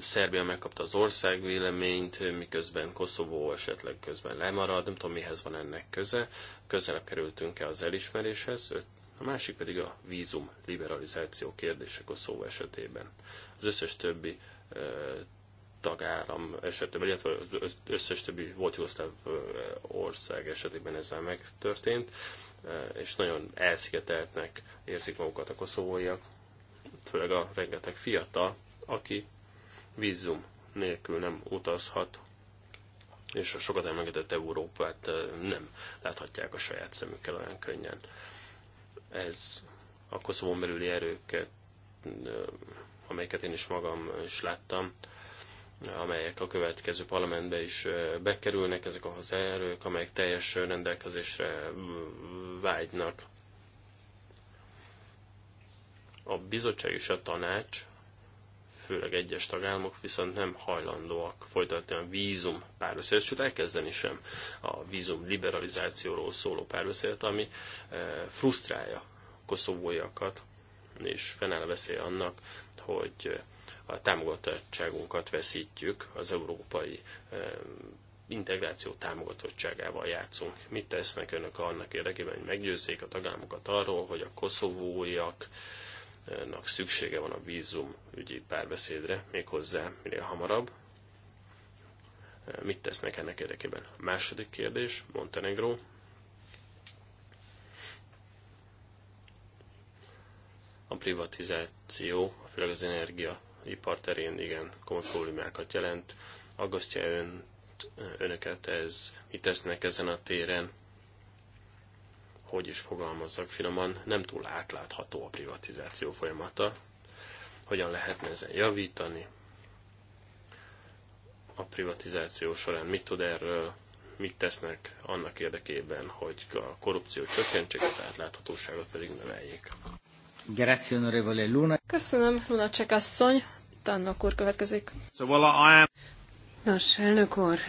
Szerbia megkapta az ország véleményt, miközben Koszovó esetleg közben lemarad, nem tudom mihez van ennek köze, közelebb kerültünk-e az elismeréshez, a másik pedig a vízum liberalizáció kérdése Koszovó esetében. Az összes többi tagállam esetében, illetve az összes többi volt jugoszláv ország esetében ezzel megtörtént, és nagyon elszigeteltnek érzik magukat a koszovóiak, főleg a rengeteg fiatal, aki vízum nélkül nem utazhat, és a sokat emlegetett Európát nem láthatják a saját szemükkel olyan könnyen. Ez a Koszovon belüli erőket, amelyeket én is magam is láttam, amelyek a következő parlamentbe is bekerülnek, ezek az erők, amelyek teljes rendelkezésre vágynak. A bizottság és a tanács főleg egyes tagállamok viszont nem hajlandóak folytatni a vízum párbeszédet, sőt elkezdeni sem a vízum liberalizációról szóló párbeszédet, ami eh, frusztrálja koszovóiakat, és fennáll a veszély annak, hogy eh, a támogatottságunkat veszítjük, az európai eh, integráció támogatottságával játszunk. Mit tesznek önök annak érdekében, hogy meggyőzzék a tagállamokat arról, hogy a koszovóiak nak szüksége van a vízum ügyi párbeszédre, méghozzá minél hamarabb. Mit tesznek ennek érdekében? A második kérdés, Montenegro. A privatizáció, főleg az energiaipar terén igen komoly problémákat jelent. Aggasztja ön, önöket ez, mit tesznek ezen a téren, hogy is fogalmazzak finoman, nem túl átlátható a privatizáció folyamata, hogyan lehetne ezen javítani, a privatizáció során mit tud erről, mit tesznek annak érdekében, hogy a korrupció csökkentsék, az átláthatóságot pedig növeljék. Köszönöm, Luna Csekasszony. Tannok úr következik. Nos, elnök úr,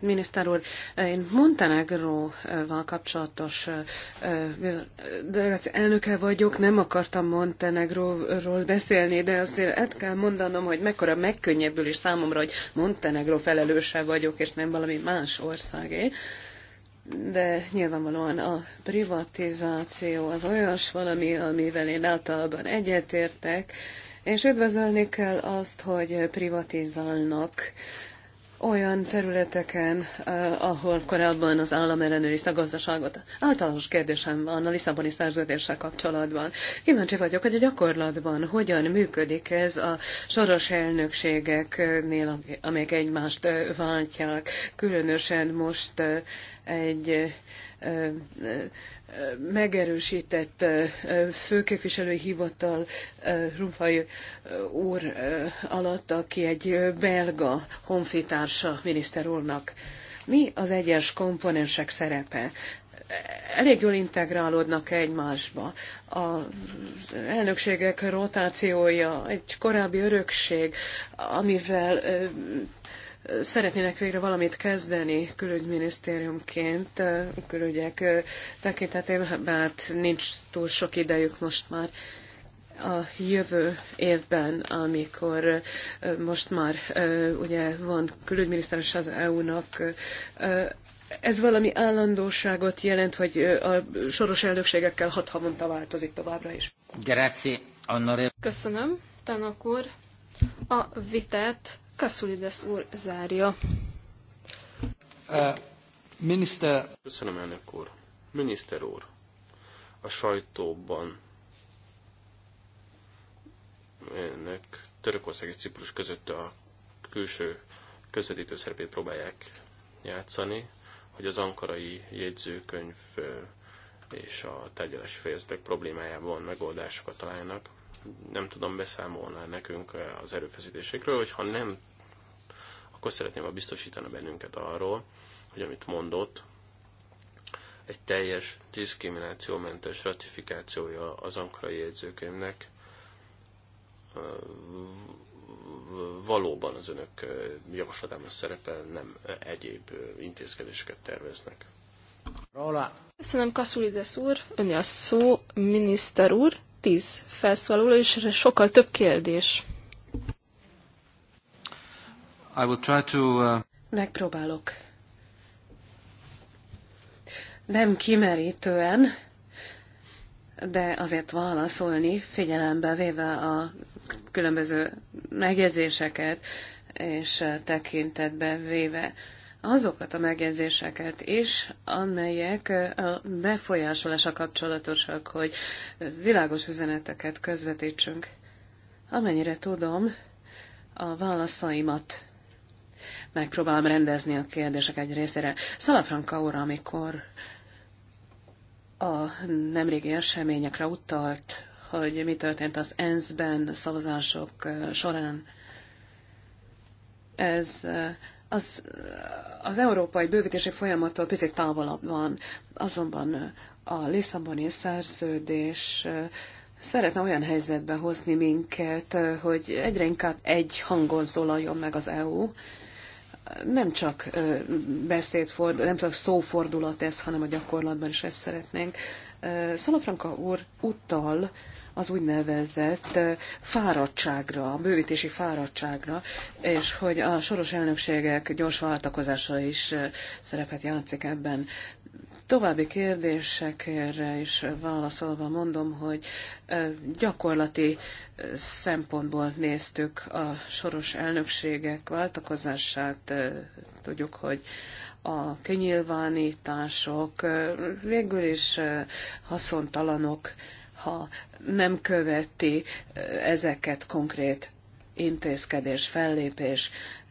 Miniszter úr, én Montenegróval kapcsolatos az elnöke vagyok, nem akartam Montenegróról beszélni, de azért ezt kell mondanom, hogy mekkora megkönnyebbülés számomra, hogy Montenegró felelőse vagyok, és nem valami más országé de nyilvánvalóan a privatizáció az olyas valami, amivel én általában egyetértek, és üdvözölni kell azt, hogy privatizálnak olyan területeken, ahol korábban az állam ellenőrizte a gazdaságot. Általános kérdésem van a Lisszaboni szerződéssel kapcsolatban. Kíváncsi vagyok, hogy a gyakorlatban hogyan működik ez a soros elnökségeknél, amelyek egymást váltják, különösen most egy megerősített főképviselői hivatal Rumpaj úr alatt, aki egy belga honfitársa miniszter úrnak. Mi az egyes komponensek szerepe? elég jól integrálódnak egymásba. Az elnökségek rotációja, egy korábbi örökség, amivel szeretnének végre valamit kezdeni külügyminisztériumként, külügyek tekintetében, bár nincs túl sok idejük most már a jövő évben, amikor most már ugye van külügyminiszteres az EU-nak, ez valami állandóságot jelent, hogy a soros elnökségekkel hat havonta változik továbbra is. Grazie, Köszönöm, Tanok úr. A vitát Kasulides úr zárja. Uh, eh, miniszter... Köszönöm, elnök úr. Miniszter úr, a sajtóban önök Törökország és Ciprus között a külső közvetítő szerepét próbálják játszani, hogy az ankarai jegyzőkönyv eh, és a tárgyalási fejezetek problémájában megoldásokat találnak nem tudom, beszámolná nekünk az erőfeszítésekről, hogyha nem, akkor szeretném, ha biztosítana bennünket arról, hogy amit mondott, egy teljes diszkriminációmentes ratifikációja az Ankarai jegyzőkönyvnek valóban az önök javaslatában szerepel, nem egyéb intézkedéseket terveznek. Köszönöm, Kaszulidesz úr, ön a szó, miniszter úr tíz felszólaló, és sokkal több kérdés. I will try to, uh... Megpróbálok. Nem kimerítően, de azért válaszolni, figyelembe véve a különböző megjegyzéseket, és uh, tekintetbe véve azokat a megjegyzéseket is, amelyek a befolyásolása kapcsolatosak, hogy világos üzeneteket közvetítsünk. Amennyire tudom, a válaszaimat megpróbálom rendezni a kérdések egy részére. Szalafranka úr, amikor a nemrégi eseményekre utalt, hogy mi történt az ENSZ-ben szavazások során, ez az, az európai bővítési folyamattól picit távolabb van, azonban a Lisszaboni szerződés szeretne olyan helyzetbe hozni minket, hogy egyre inkább egy hangon szólaljon meg az EU. Nem csak beszédfordul, nem csak szófordulat ez, hanem a gyakorlatban is ezt szeretnénk. Szalafranka úr utal az úgynevezett fáradtságra, a bővítési fáradtságra, és hogy a soros elnökségek gyors váltakozása is szerepet játszik ebben. További kérdésekre is válaszolva mondom, hogy gyakorlati szempontból néztük a soros elnökségek váltakozását. Tudjuk, hogy a kinyilvánítások végül is haszontalanok ha nem követi ezeket konkrét intézkedés, fellépés,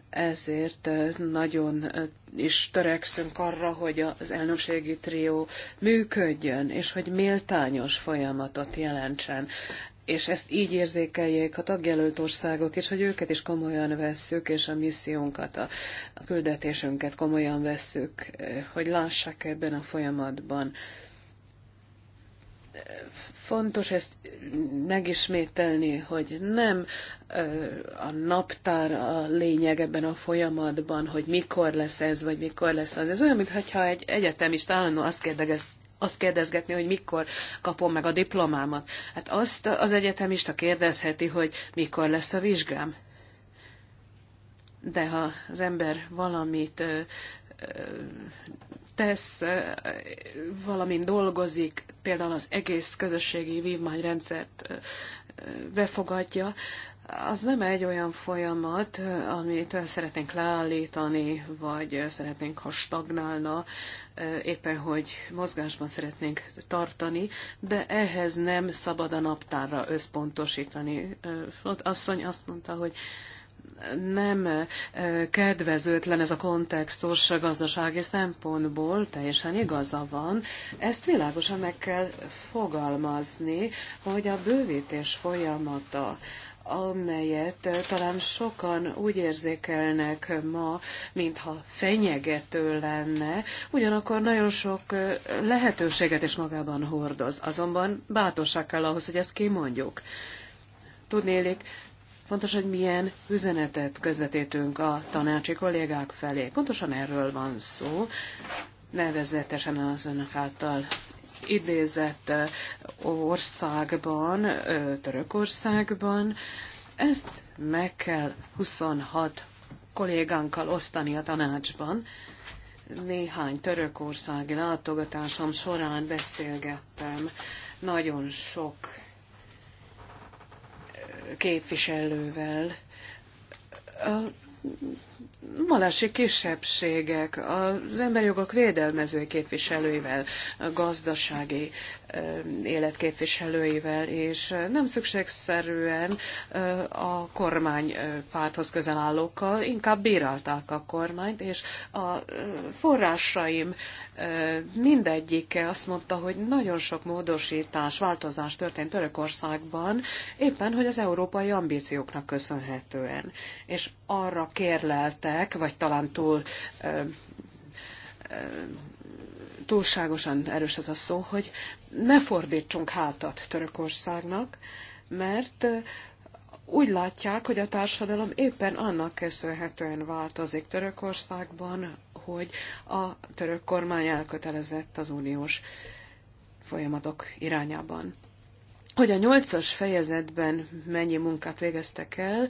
ezért nagyon is törekszünk arra, hogy az elnökségi trió működjön, és hogy méltányos folyamatot jelentsen. És ezt így érzékeljék a tagjelölt országok is, hogy őket is komolyan vesszük, és a missziónkat, a, a küldetésünket komolyan vesszük, hogy lássák ebben a folyamatban Fontos ezt megismételni, hogy nem a naptár a lényeg ebben a folyamatban, hogy mikor lesz ez, vagy mikor lesz az. Ez olyan, mintha egy egyetemista állandó azt kérdez, azt kérdezgetni, hogy mikor kapom meg a diplomámat. Hát azt az egyetemista kérdezheti, hogy mikor lesz a vizsgám. De ha az ember valamit tesz, valamint dolgozik, például az egész közösségi vívmányrendszert befogadja, az nem egy olyan folyamat, amit szeretnénk leállítani, vagy szeretnénk, ha stagnálna, éppen hogy mozgásban szeretnénk tartani, de ehhez nem szabad a naptárra összpontosítani. Flott asszony azt mondta, hogy nem kedvezőtlen ez a kontextus gazdasági szempontból, teljesen igaza van. Ezt világosan meg kell fogalmazni, hogy a bővítés folyamata amelyet talán sokan úgy érzékelnek ma, mintha fenyegető lenne, ugyanakkor nagyon sok lehetőséget is magában hordoz. Azonban bátorság kell ahhoz, hogy ezt kimondjuk. Tudnélik, Fontos, hogy milyen üzenetet közvetítünk a tanácsi kollégák felé. Pontosan erről van szó, nevezetesen az önök által idézett országban, Törökországban. Ezt meg kell 26 kollégánkkal osztani a tanácsban. Néhány törökországi látogatásom során beszélgettem nagyon sok képviselővel. A malási kisebbségek, az emberjogok védelmező képviselőivel, a gazdasági életképviselőivel, és nem szükségszerűen a kormánypárthoz közel állókkal, inkább bírálták a kormányt, és a forrásaim mindegyike azt mondta, hogy nagyon sok módosítás, változás történt Törökországban, éppen, hogy az európai ambícióknak köszönhetően. És arra kérleltek, vagy talán túl túlságosan erős ez a szó, hogy ne fordítsunk hátat Törökországnak, mert úgy látják, hogy a társadalom éppen annak köszönhetően változik Törökországban, hogy a török kormány elkötelezett az uniós folyamatok irányában. Hogy a nyolcas fejezetben mennyi munkát végeztek el,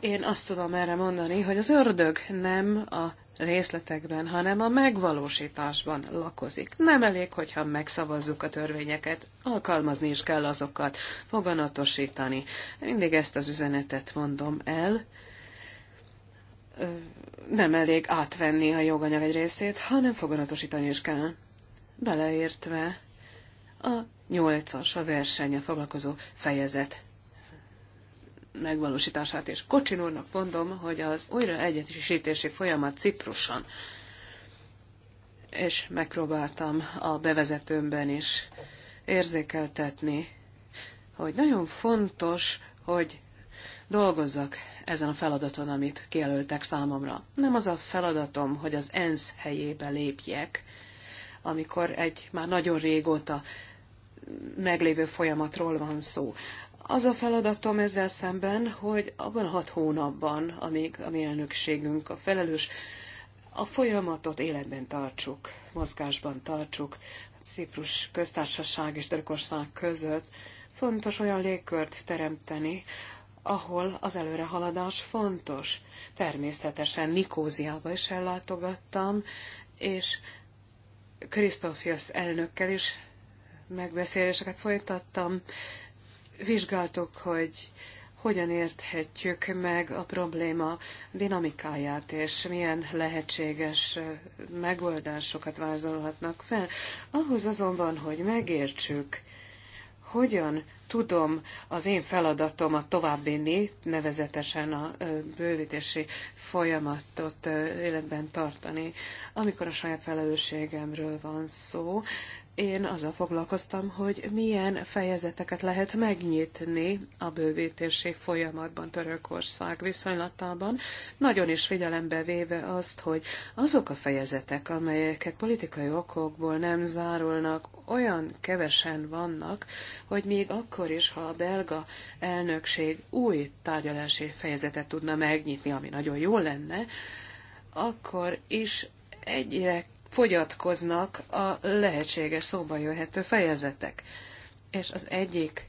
én azt tudom erre mondani, hogy az ördög nem a részletekben, hanem a megvalósításban lakozik. Nem elég, hogyha megszavazzuk a törvényeket, alkalmazni is kell azokat, foganatosítani. Mindig ezt az üzenetet mondom el. Nem elég átvenni a joganyag egy részét, hanem foganatosítani is kell. Beleértve a nyolcas a verseny a foglalkozó fejezet megvalósítását, és Kocsin úrnak mondom, hogy az újra egyetisítési folyamat Cipruson, és megpróbáltam a bevezetőmben is érzékeltetni, hogy nagyon fontos, hogy dolgozzak ezen a feladaton, amit kijelöltek számomra. Nem az a feladatom, hogy az ENSZ helyébe lépjek, amikor egy már nagyon régóta meglévő folyamatról van szó. Az a feladatom ezzel szemben, hogy abban a hat hónapban, amíg a mi elnökségünk a felelős, a folyamatot életben tartsuk, mozgásban tartsuk, Ciprus köztársaság és Törökország között fontos olyan légkört teremteni, ahol az előrehaladás fontos. Természetesen Nikóziába is ellátogattam, és Krisztófiusz elnökkel is megbeszéléseket folytattam, Vizsgáltok, hogy hogyan érthetjük meg a probléma dinamikáját, és milyen lehetséges megoldásokat vázolhatnak fel. Ahhoz azonban, hogy megértsük, hogyan tudom az én feladatomat továbbvinni, nevezetesen a bővítési folyamatot életben tartani, amikor a saját felelősségemről van szó, én azzal foglalkoztam, hogy milyen fejezeteket lehet megnyitni a bővítési folyamatban Törökország viszonylatában, nagyon is figyelembe véve azt, hogy azok a fejezetek, amelyeket politikai okokból nem zárulnak, olyan kevesen vannak, hogy még akkor is, ha a belga elnökség új tárgyalási fejezetet tudna megnyitni, ami nagyon jó lenne, akkor is egyre fogyatkoznak a lehetséges szóba jöhető fejezetek. És az egyik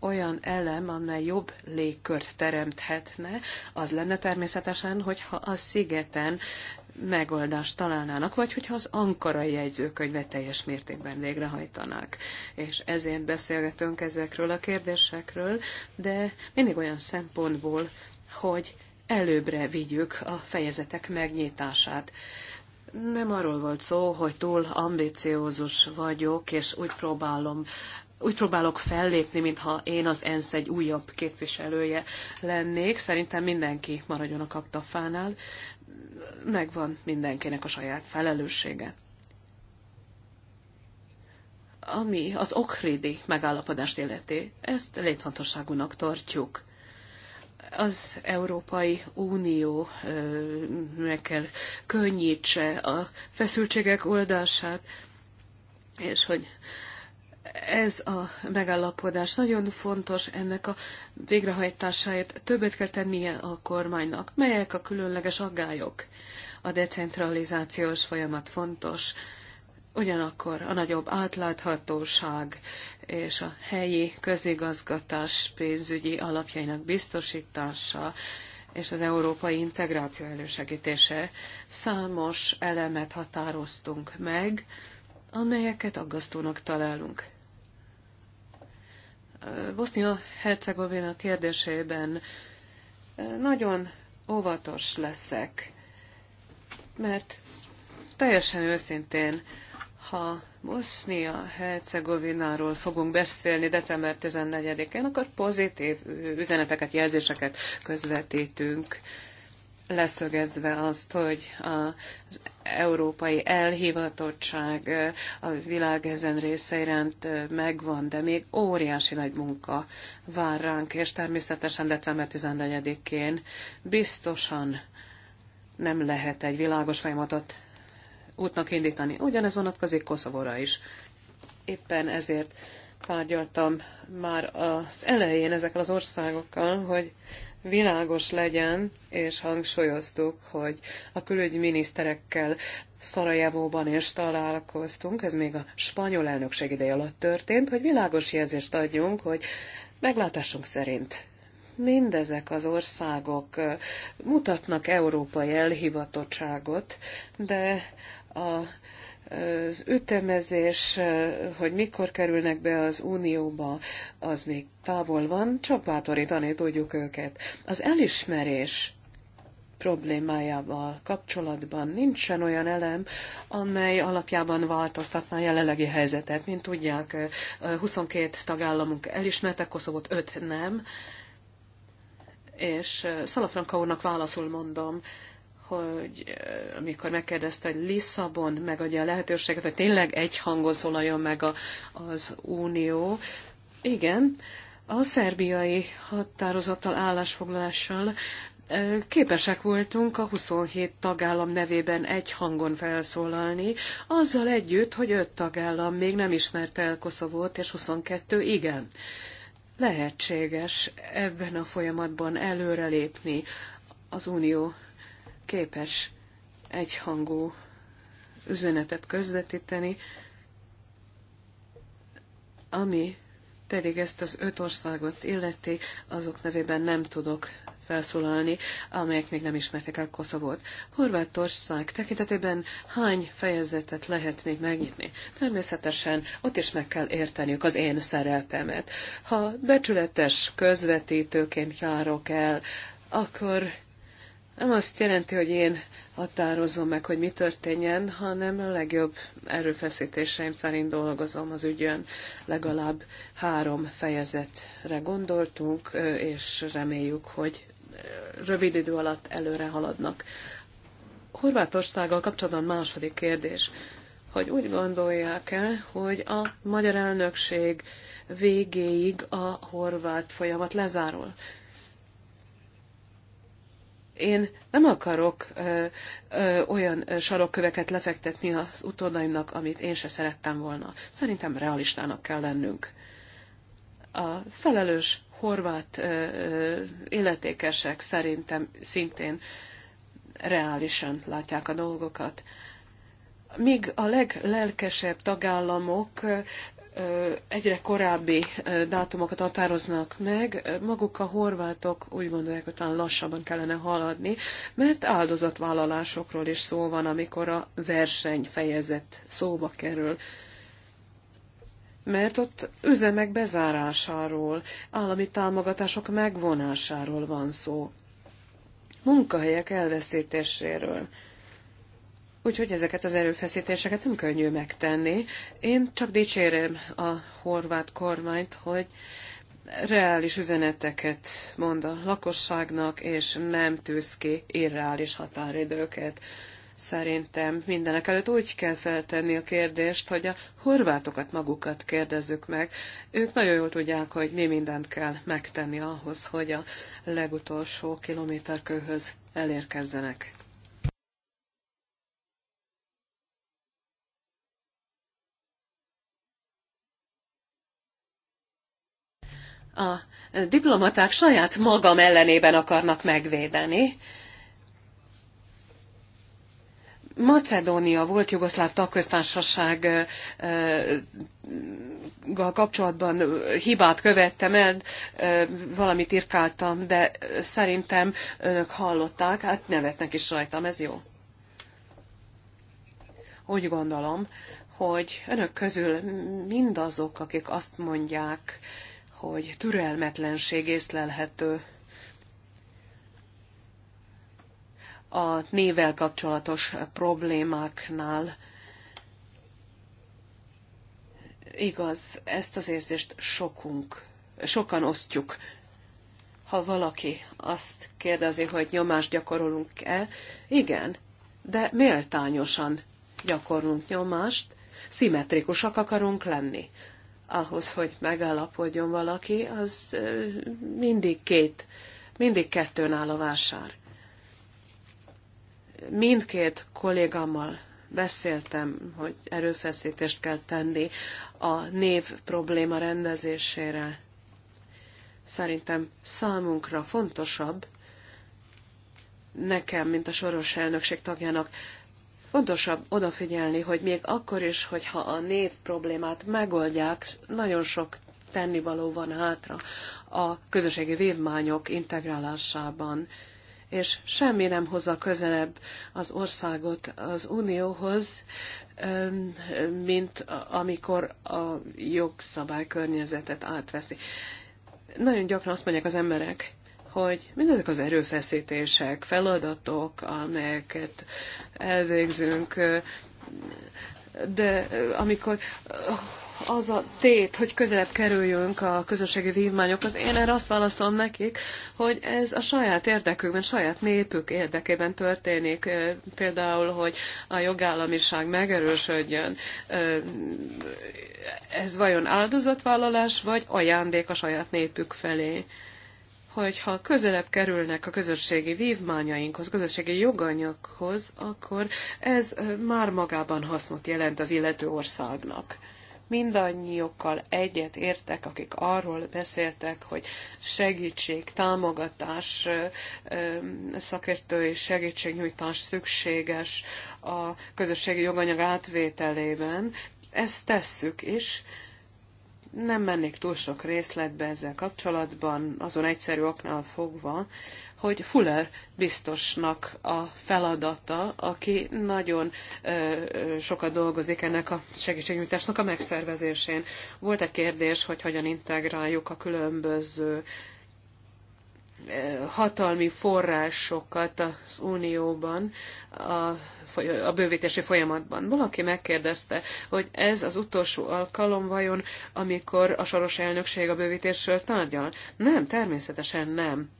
olyan elem, amely jobb légkört teremthetne, az lenne természetesen, hogyha a szigeten megoldást találnának, vagy hogyha az ankarai jegyzőkönyvet teljes mértékben végrehajtanák. És ezért beszélgetünk ezekről a kérdésekről, de mindig olyan szempontból, hogy előbbre vigyük a fejezetek megnyitását nem arról volt szó, hogy túl ambiciózus vagyok, és úgy próbálom úgy próbálok fellépni, mintha én az ENSZ egy újabb képviselője lennék. Szerintem mindenki maradjon a kaptafánál. Megvan mindenkinek a saját felelőssége. Ami az okridi megállapodást illeti, ezt létfontosságúnak tartjuk az Európai Unió meg kell könnyítse a feszültségek oldását, és hogy ez a megállapodás nagyon fontos, ennek a végrehajtásáért többet kell tennie a kormánynak. Melyek a különleges aggályok? A decentralizációs folyamat fontos, Ugyanakkor a nagyobb átláthatóság és a helyi közigazgatás pénzügyi alapjainak biztosítása és az európai integráció elősegítése számos elemet határoztunk meg, amelyeket aggasztónak találunk. Bosznia-Hercegovina kérdésében nagyon óvatos leszek, mert teljesen őszintén ha Bosznia-Hercegovináról fogunk beszélni december 14-én, akkor pozitív üzeneteket, jelzéseket közvetítünk, leszögezve azt, hogy az európai elhivatottság a világ ezen része iránt megvan, de még óriási nagy munka vár ránk, és természetesen december 14-én biztosan nem lehet egy világos folyamatot útnak indítani. Ugyanez vonatkozik Koszovóra is. Éppen ezért tárgyaltam már az elején ezekkel az országokkal, hogy világos legyen, és hangsúlyoztuk, hogy a külügyminiszterekkel Szarajevóban is találkoztunk, ez még a spanyol elnökség ideje alatt történt, hogy világos jelzést adjunk, hogy meglátásunk szerint mindezek az országok mutatnak európai elhivatottságot, de a az ütemezés, hogy mikor kerülnek be az unióba, az még távol van, csak bátorítani tudjuk őket. Az elismerés problémájával kapcsolatban nincsen olyan elem, amely alapjában változtatná a jelenlegi helyzetet. Mint tudják, 22 tagállamunk elismerte Koszovot, 5 nem. És Szalafranka úrnak válaszul mondom, hogy eh, amikor megkérdezte, hogy Lisszabon megadja a lehetőséget, hogy tényleg egy hangon szólaljon meg a, az Unió. Igen, a szerbiai határozattal, állásfoglalással eh, képesek voltunk a 27 tagállam nevében egy hangon felszólalni, azzal együtt, hogy öt tagállam még nem ismerte el Koszovót, és 22 igen. Lehetséges ebben a folyamatban előrelépni az unió képes egyhangú üzenetet közvetíteni, ami pedig ezt az öt országot illeti, azok nevében nem tudok felszólalni, amelyek még nem ismertek el Koszovót. Horvátország tekintetében hány fejezetet lehet még megnyitni? Természetesen ott is meg kell érteniük az én szerelpemet. Ha becsületes közvetítőként járok el, akkor nem azt jelenti, hogy én határozom meg, hogy mi történjen, hanem a legjobb erőfeszítéseim szerint dolgozom az ügyön. Legalább három fejezetre gondoltunk, és reméljük, hogy rövid idő alatt előre haladnak. Horvátországgal kapcsolatban második kérdés, hogy úgy gondolják-e, hogy a magyar elnökség végéig a horvát folyamat lezárul? én nem akarok ö, ö, olyan sarokköveket lefektetni az utódaimnak, amit én se szerettem volna. Szerintem realistának kell lennünk. A felelős horvát ö, ö, életékesek szerintem szintén reálisan látják a dolgokat. Míg a leglelkesebb tagállamok egyre korábbi dátumokat határoznak meg, maguk a horvátok úgy gondolják, hogy talán lassabban kellene haladni, mert áldozatvállalásokról is szó van, amikor a verseny fejezet szóba kerül mert ott üzemek bezárásáról, állami támogatások megvonásáról van szó, munkahelyek elveszítéséről. Úgyhogy ezeket az erőfeszítéseket nem könnyű megtenni. Én csak dicsérem a horvát kormányt, hogy reális üzeneteket mond a lakosságnak, és nem tűz ki irreális határidőket. Szerintem mindenek előtt úgy kell feltenni a kérdést, hogy a horvátokat magukat kérdezzük meg. Ők nagyon jól tudják, hogy mi mindent kell megtenni ahhoz, hogy a legutolsó kilométerkőhöz elérkezzenek. a diplomaták saját magam ellenében akarnak megvédeni. Macedónia volt jugoszláv tagköztársasággal kapcsolatban hibát követtem el, valamit irkáltam, de szerintem önök hallották, hát nevetnek is rajtam, ez jó. Úgy gondolom, hogy önök közül mindazok, akik azt mondják, hogy türelmetlenség észlelhető a nével kapcsolatos problémáknál. Igaz, ezt az érzést sokunk, sokan osztjuk. Ha valaki azt kérdezi, hogy nyomást gyakorolunk-e, igen, de méltányosan gyakorlunk nyomást, szimmetrikusak akarunk lenni ahhoz, hogy megállapodjon valaki, az mindig két, mindig kettőn áll a vásár. Mindkét kollégámmal beszéltem, hogy erőfeszítést kell tenni a név probléma rendezésére. Szerintem számunkra fontosabb, nekem, mint a soros elnökség tagjának Fontosabb odafigyelni, hogy még akkor is, hogyha a nép problémát megoldják, nagyon sok tennivaló van hátra a közösségi vívmányok integrálásában, és semmi nem hozza közelebb az országot az unióhoz, mint amikor a jogszabály környezetet átveszi. Nagyon gyakran azt mondják az emberek, hogy mindezek az erőfeszítések, feladatok, amelyeket elvégzünk, de amikor az a tét, hogy közelebb kerüljünk a közösségi vívmányokhoz, én erre azt válaszolom nekik, hogy ez a saját érdekükben, saját népük érdekében történik. Például, hogy a jogállamiság megerősödjön. Ez vajon áldozatvállalás, vagy ajándék a saját népük felé? hogyha közelebb kerülnek a közösségi vívmányainkhoz, közösségi joganyaghoz, akkor ez már magában hasznot jelent az illető országnak. Mindannyiukkal egyet értek, akik arról beszéltek, hogy segítség, támogatás, szakértői segítségnyújtás szükséges a közösségi joganyag átvételében. Ezt tesszük is, nem mennék túl sok részletbe ezzel kapcsolatban, azon egyszerű oknál fogva, hogy Fuller biztosnak a feladata, aki nagyon ö, sokat dolgozik ennek a segítségnyújtásnak a megszervezésén. Volt a kérdés, hogy hogyan integráljuk a különböző hatalmi forrásokat az Unióban a, a bővítési folyamatban. Valaki megkérdezte, hogy ez az utolsó alkalom vajon, amikor a soros elnökség a bővítésről tárgyal? Nem, természetesen nem.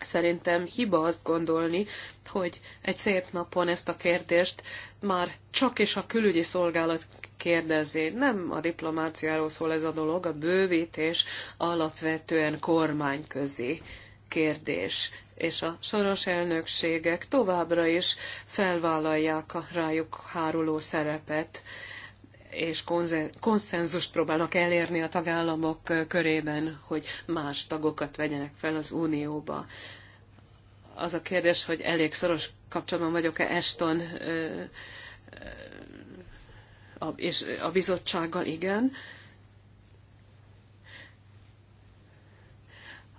Szerintem hiba azt gondolni, hogy egy szép napon ezt a kérdést már csak is a külügyi szolgálat kérdezi. Nem a diplomáciáról szól ez a dolog, a bővítés alapvetően kormányközi kérdés, és a soros elnökségek továbbra is felvállalják a rájuk háruló szerepet, és konszenzust próbálnak elérni a tagállamok körében, hogy más tagokat vegyenek fel az Unióba. Az a kérdés, hogy elég szoros kapcsolatban vagyok-e Eston és a bizottsággal, igen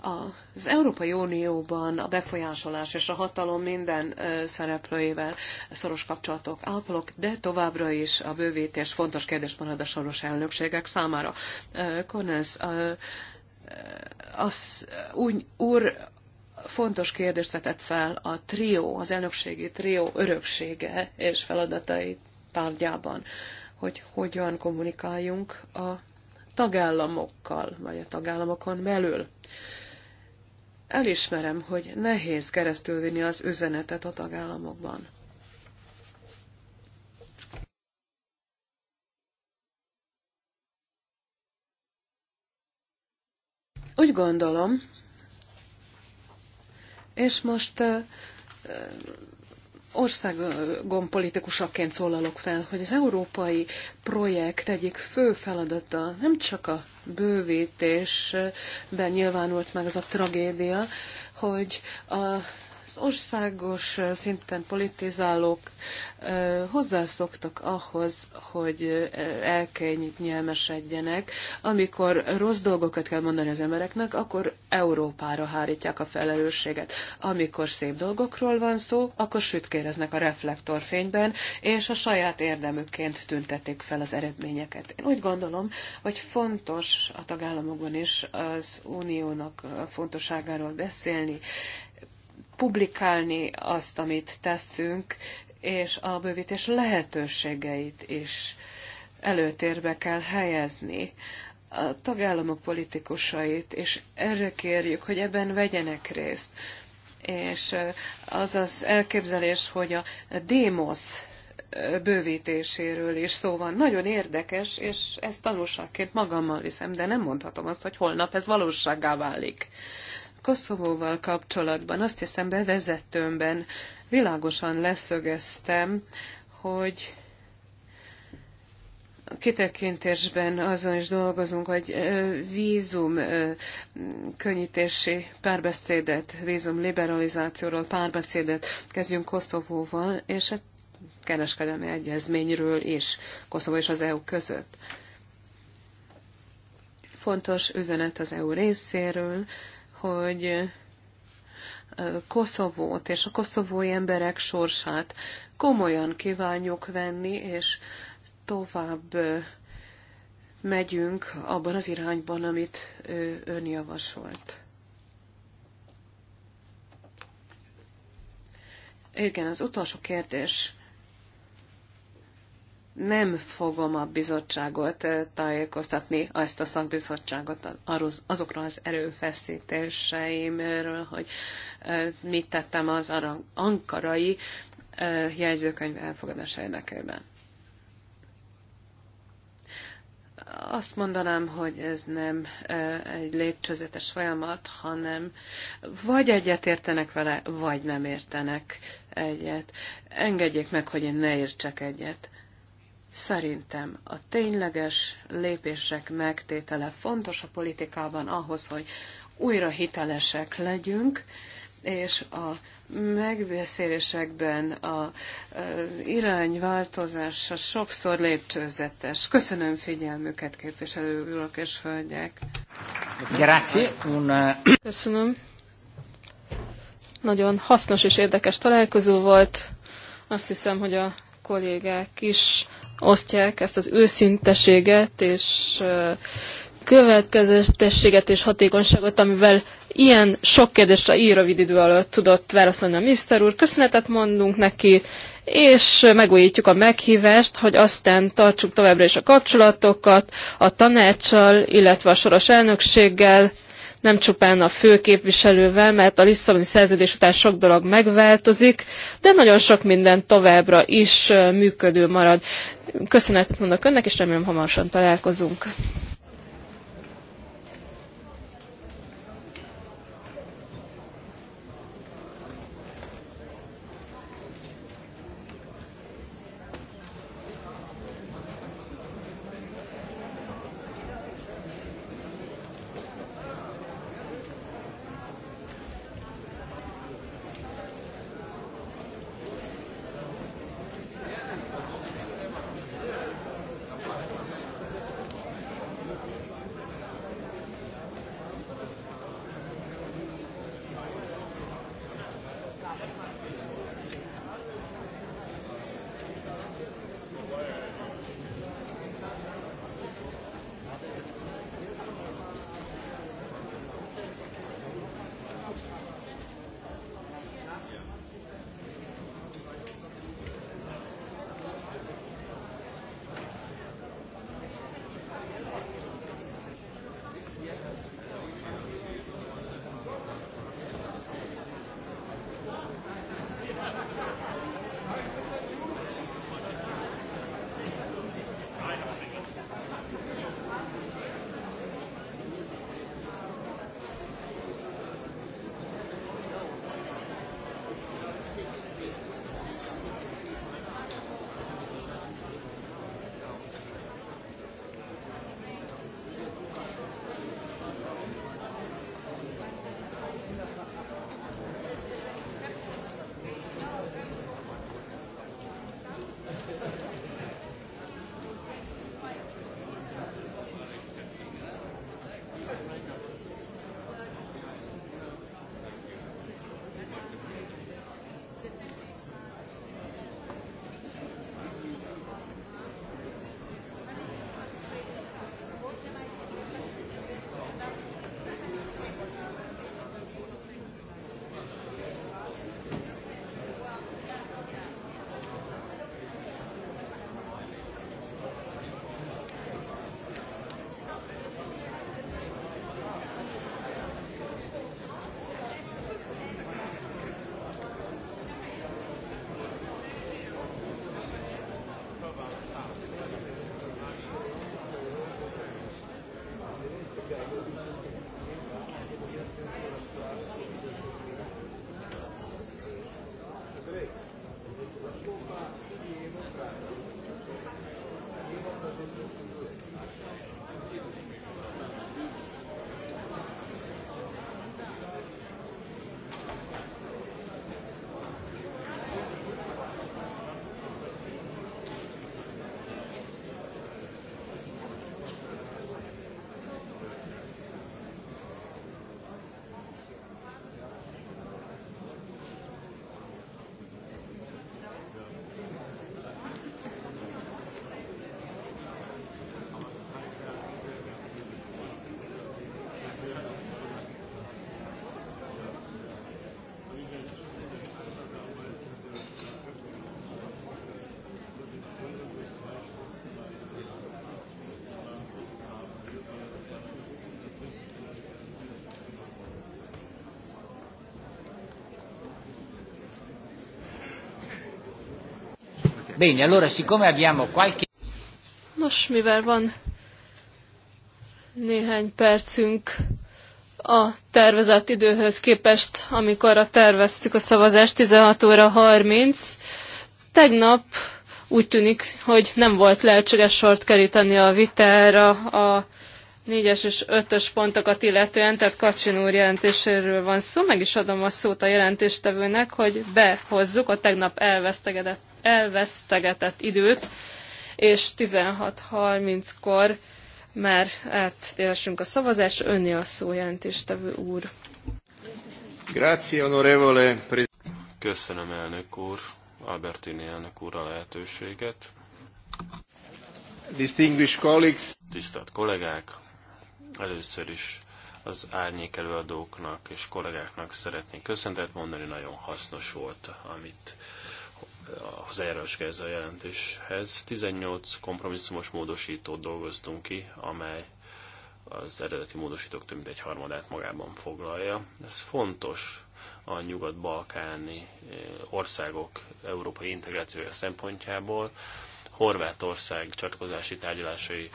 az Európai Unióban a befolyásolás és a hatalom minden szereplőjével szoros kapcsolatok ápolok, de továbbra is a bővítés fontos kérdés marad a soros elnökségek számára. Konez, az úgy, úr fontos kérdést vetett fel a trió, az elnökségi trió öröksége és feladatai tárgyában, hogy hogyan kommunikáljunk a tagállamokkal, vagy a tagállamokon belül. Elismerem, hogy nehéz keresztülvinni az üzenetet a tagállamokban. Úgy gondolom, és most országon politikusaként szólalok fel, hogy az európai projekt egyik fő feladata nem csak a bővítésben eh, nyilvánult meg az a tragédia, hogy a országos szinten politizálók hozzászoktak ahhoz, hogy kell nyelmesedjenek. Amikor rossz dolgokat kell mondani az embereknek, akkor Európára hárítják a felelősséget. Amikor szép dolgokról van szó, akkor sütkéreznek a reflektorfényben, és a saját érdemükként tüntetik fel az eredményeket. Én úgy gondolom, hogy fontos a tagállamokban is az uniónak fontosságáról beszélni, publikálni azt, amit teszünk, és a bővítés lehetőségeit is előtérbe kell helyezni a tagállamok politikusait, és erre kérjük, hogy ebben vegyenek részt. És az az elképzelés, hogy a démosz bővítéséről is szó van. Nagyon érdekes, és ezt tanulságként magammal viszem, de nem mondhatom azt, hogy holnap ez valósággá válik. Koszovóval kapcsolatban azt hiszem bevezetőmben világosan leszögeztem, hogy kitekintésben azon is dolgozunk, hogy vízum könnyítési párbeszédet, vízum liberalizációról párbeszédet kezdjünk Koszovóval, és a kereskedelmi egyezményről is, Koszovó és az EU között. Fontos üzenet az EU részéről, hogy Koszovót és a koszovói emberek sorsát komolyan kívánjuk venni, és tovább megyünk abban az irányban, amit ön javasolt. Igen, az utolsó kérdés nem fogom a bizottságot eh, tájékoztatni, ezt a szakbizottságot azokról az erőfeszítéseimről, hogy eh, mit tettem az ankarai eh, jegyzőkönyv elfogadása érdekében. Azt mondanám, hogy ez nem egy lépcsőzetes folyamat, hanem vagy egyet értenek vele, vagy nem értenek egyet. Engedjék meg, hogy én ne értsek egyet Szerintem a tényleges lépések megtétele fontos a politikában ahhoz, hogy újra hitelesek legyünk, és a megbeszélésekben a, a sokszor lépcsőzetes. Köszönöm figyelmüket képviselő urak és hölgyek. Köszönöm. Nagyon hasznos és érdekes találkozó volt. Azt hiszem, hogy a kollégák is osztják ezt az őszinteséget és következetességet és hatékonyságot, amivel ilyen sok kérdésre így rövid idő alatt tudott válaszolni a miniszter úr. Köszönetet mondunk neki, és megújítjuk a meghívást, hogy aztán tartsuk továbbra is a kapcsolatokat a tanácssal, illetve a soros elnökséggel, nem csupán a főképviselővel, mert a Lisszaboni szerződés után sok dolog megváltozik, de nagyon sok minden továbbra is működő marad. Köszönetet mondok önnek, és remélem hamarosan találkozunk. Bene, allora siccome abbiamo qualche... Nos, mivel van néhány percünk a tervezett időhöz képest, amikor a terveztük a szavazást, 16 óra 30. Tegnap úgy tűnik, hogy nem volt lehetséges sort keríteni a vitára a 4-es és 5-ös pontokat illetően, tehát Kacsin úr jelentéséről van szó. Meg is adom a szót a jelentéstevőnek, hogy behozzuk a tegnap elvesztegedett elvesztegetett időt, és 16.30-kor már áttérhessünk a szavazás. Önni a szó, jelentéstevő úr. Grazie, onorevole. Köszönöm, elnök úr, Albertini elnök úr a lehetőséget. Distinguished colleagues. Tisztelt kollégák, először is az árnyék előadóknak és kollégáknak szeretnék köszöntet mondani, nagyon hasznos volt, amit hozzájárulásuk ez a jelentéshez. 18 kompromisszumos módosítót dolgoztunk ki, amely az eredeti módosítók több mint egy harmadát magában foglalja. Ez fontos a nyugat-balkáni eh, országok európai integrációja szempontjából. Horvátország csatlakozási tárgyalásai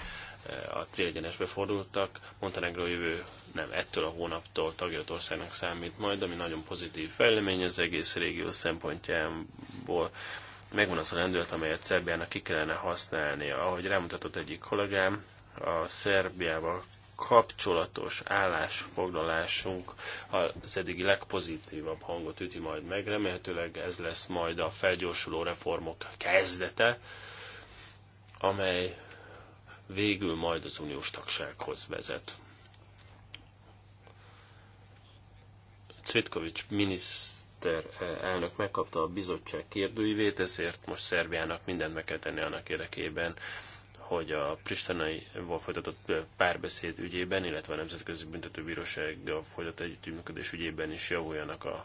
a célegyenesbe fordultak. Montenegro jövő nem ettől a hónaptól tagjelölt országnak számít majd, ami nagyon pozitív fejlemény az egész régió szempontjából. Megvan az a rendőrt, amelyet Szerbiának ki kellene használni. Ahogy rámutatott egyik kollégám, a Szerbiával kapcsolatos állásfoglalásunk az eddigi legpozitívabb hangot üti majd meg. Remélhetőleg ez lesz majd a felgyorsuló reformok kezdete, amely végül majd az uniós tagsághoz vezet. Cvitkovics miniszter eh, elnök megkapta a bizottság kérdőívét, ezért most Szerbiának mindent meg kell tenni annak érdekében, hogy a volt folytatott eh, párbeszéd ügyében, illetve a Nemzetközi Büntetőbírósággal folytatott együttműködés ügyében is javuljanak a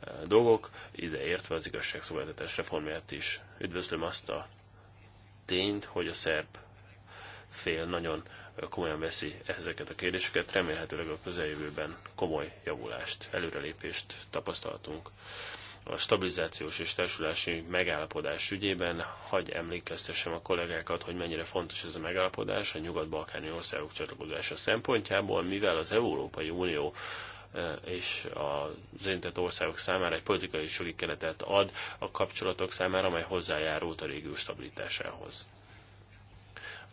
eh, dolgok, ide értve az igazságszolgáltatás reformját is. Üdvözlöm azt a tényt, hogy a szerb fél nagyon komolyan veszi ezeket a kérdéseket. Remélhetőleg a közeljövőben komoly javulást, előrelépést tapasztaltunk. A stabilizációs és társulási megállapodás ügyében hagy emlékeztessem a kollégákat, hogy mennyire fontos ez a megállapodás a nyugat-balkáni országok csatlakozása szempontjából, mivel az Európai Unió e, és az érintett országok számára egy politikai jogi keretet ad a kapcsolatok számára, amely hozzájárult a régió stabilitásához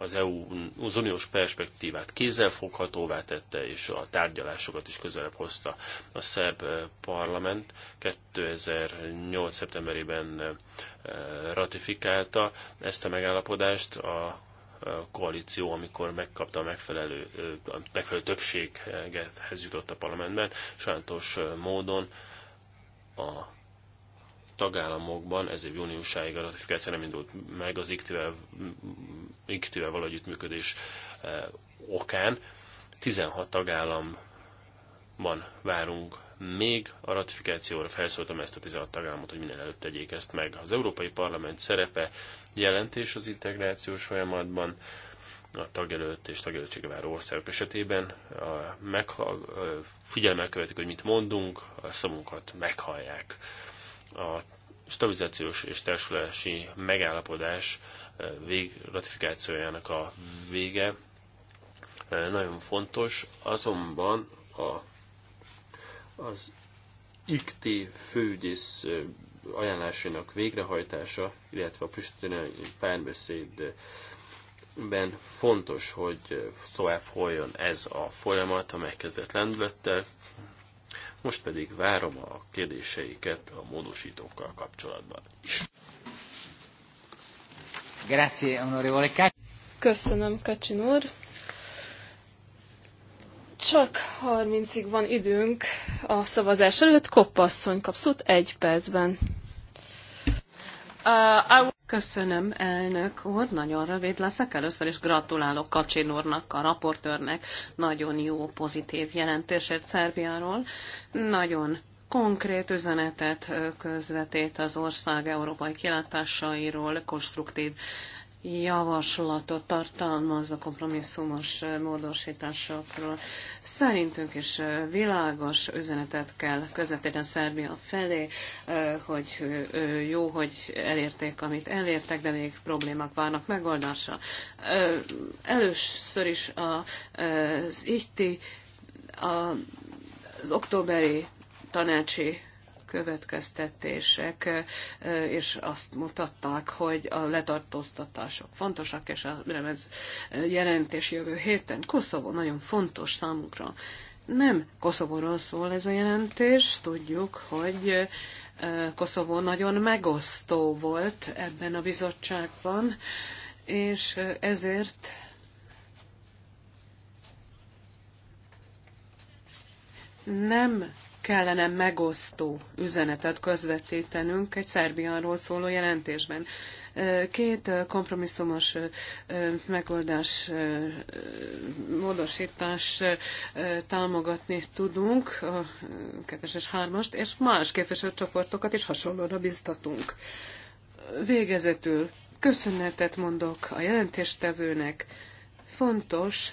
az, EU, az uniós perspektívát kézzelfoghatóvá tette, és a tárgyalásokat is közelebb hozta a szerb eh, parlament. 2008. szeptemberében eh, ratifikálta ezt a megállapodást a eh, koalíció, amikor megkapta a megfelelő, a megfelelő többséghez jutott a parlamentben, sajnos módon a tagállamokban ez év júniusáig a ratifikáció nem indult meg, az iktivel Egyiptivel való együttműködés eh, okán. 16 tagállamban várunk még a ratifikációra felszóltam ezt a 16 tagállamot, hogy minél előtt tegyék ezt meg. Az Európai Parlament szerepe jelentés az integrációs folyamatban, a tagjelölt és tagjelöltsége váró országok esetében a meghal, figyelmel követik, hogy mit mondunk, a szavunkat meghallják. A stabilizációs és társulási megállapodás vég, ratifikációjának a vége e, nagyon fontos, azonban a, az IKT főügyész e, ajánlásainak végrehajtása, illetve a pristinai párbeszédben fontos, hogy tovább folyjon ez a folyamat, a megkezdett lendülettel. Most pedig várom a kérdéseiket a módosítókkal kapcsolatban is. Grazie, onorevole Köszönöm, Kacsin úr. Csak 30-ig van időnk a szavazás előtt. Koppasszony kap szót egy percben. Uh, I... Köszönöm, elnök úr, nagyon rövid leszek. Először is gratulálok Kacsin úrnak, a raportőrnek, nagyon jó, pozitív jelentésért Szerbiáról. Nagyon konkrét üzenetet közvetít az ország európai kilátásairól, konstruktív javaslatot tartalmaz a kompromisszumos módosításokról. Szerintünk is világos üzenetet kell közvetíteni a Szerbia felé, hogy jó, hogy elérték, amit elértek, de még problémák várnak megoldásra. Először is az itti, az októberi tanácsi következtetések, és azt mutatták, hogy a letartóztatások fontosak, és a remez jelentés jövő héten Koszovó nagyon fontos számunkra. Nem Koszovóról szól ez a jelentés, tudjuk, hogy Koszovó nagyon megosztó volt ebben a bizottságban, és ezért nem kellene megosztó üzenetet közvetítenünk egy Szerbiáról szóló jelentésben. Két kompromisszumos megoldás, módosítás támogatni tudunk, a kettes és hármast, és más képviselőcsoportokat is hasonlóra biztatunk. Végezetül köszönetet mondok a jelentéstevőnek, fontos,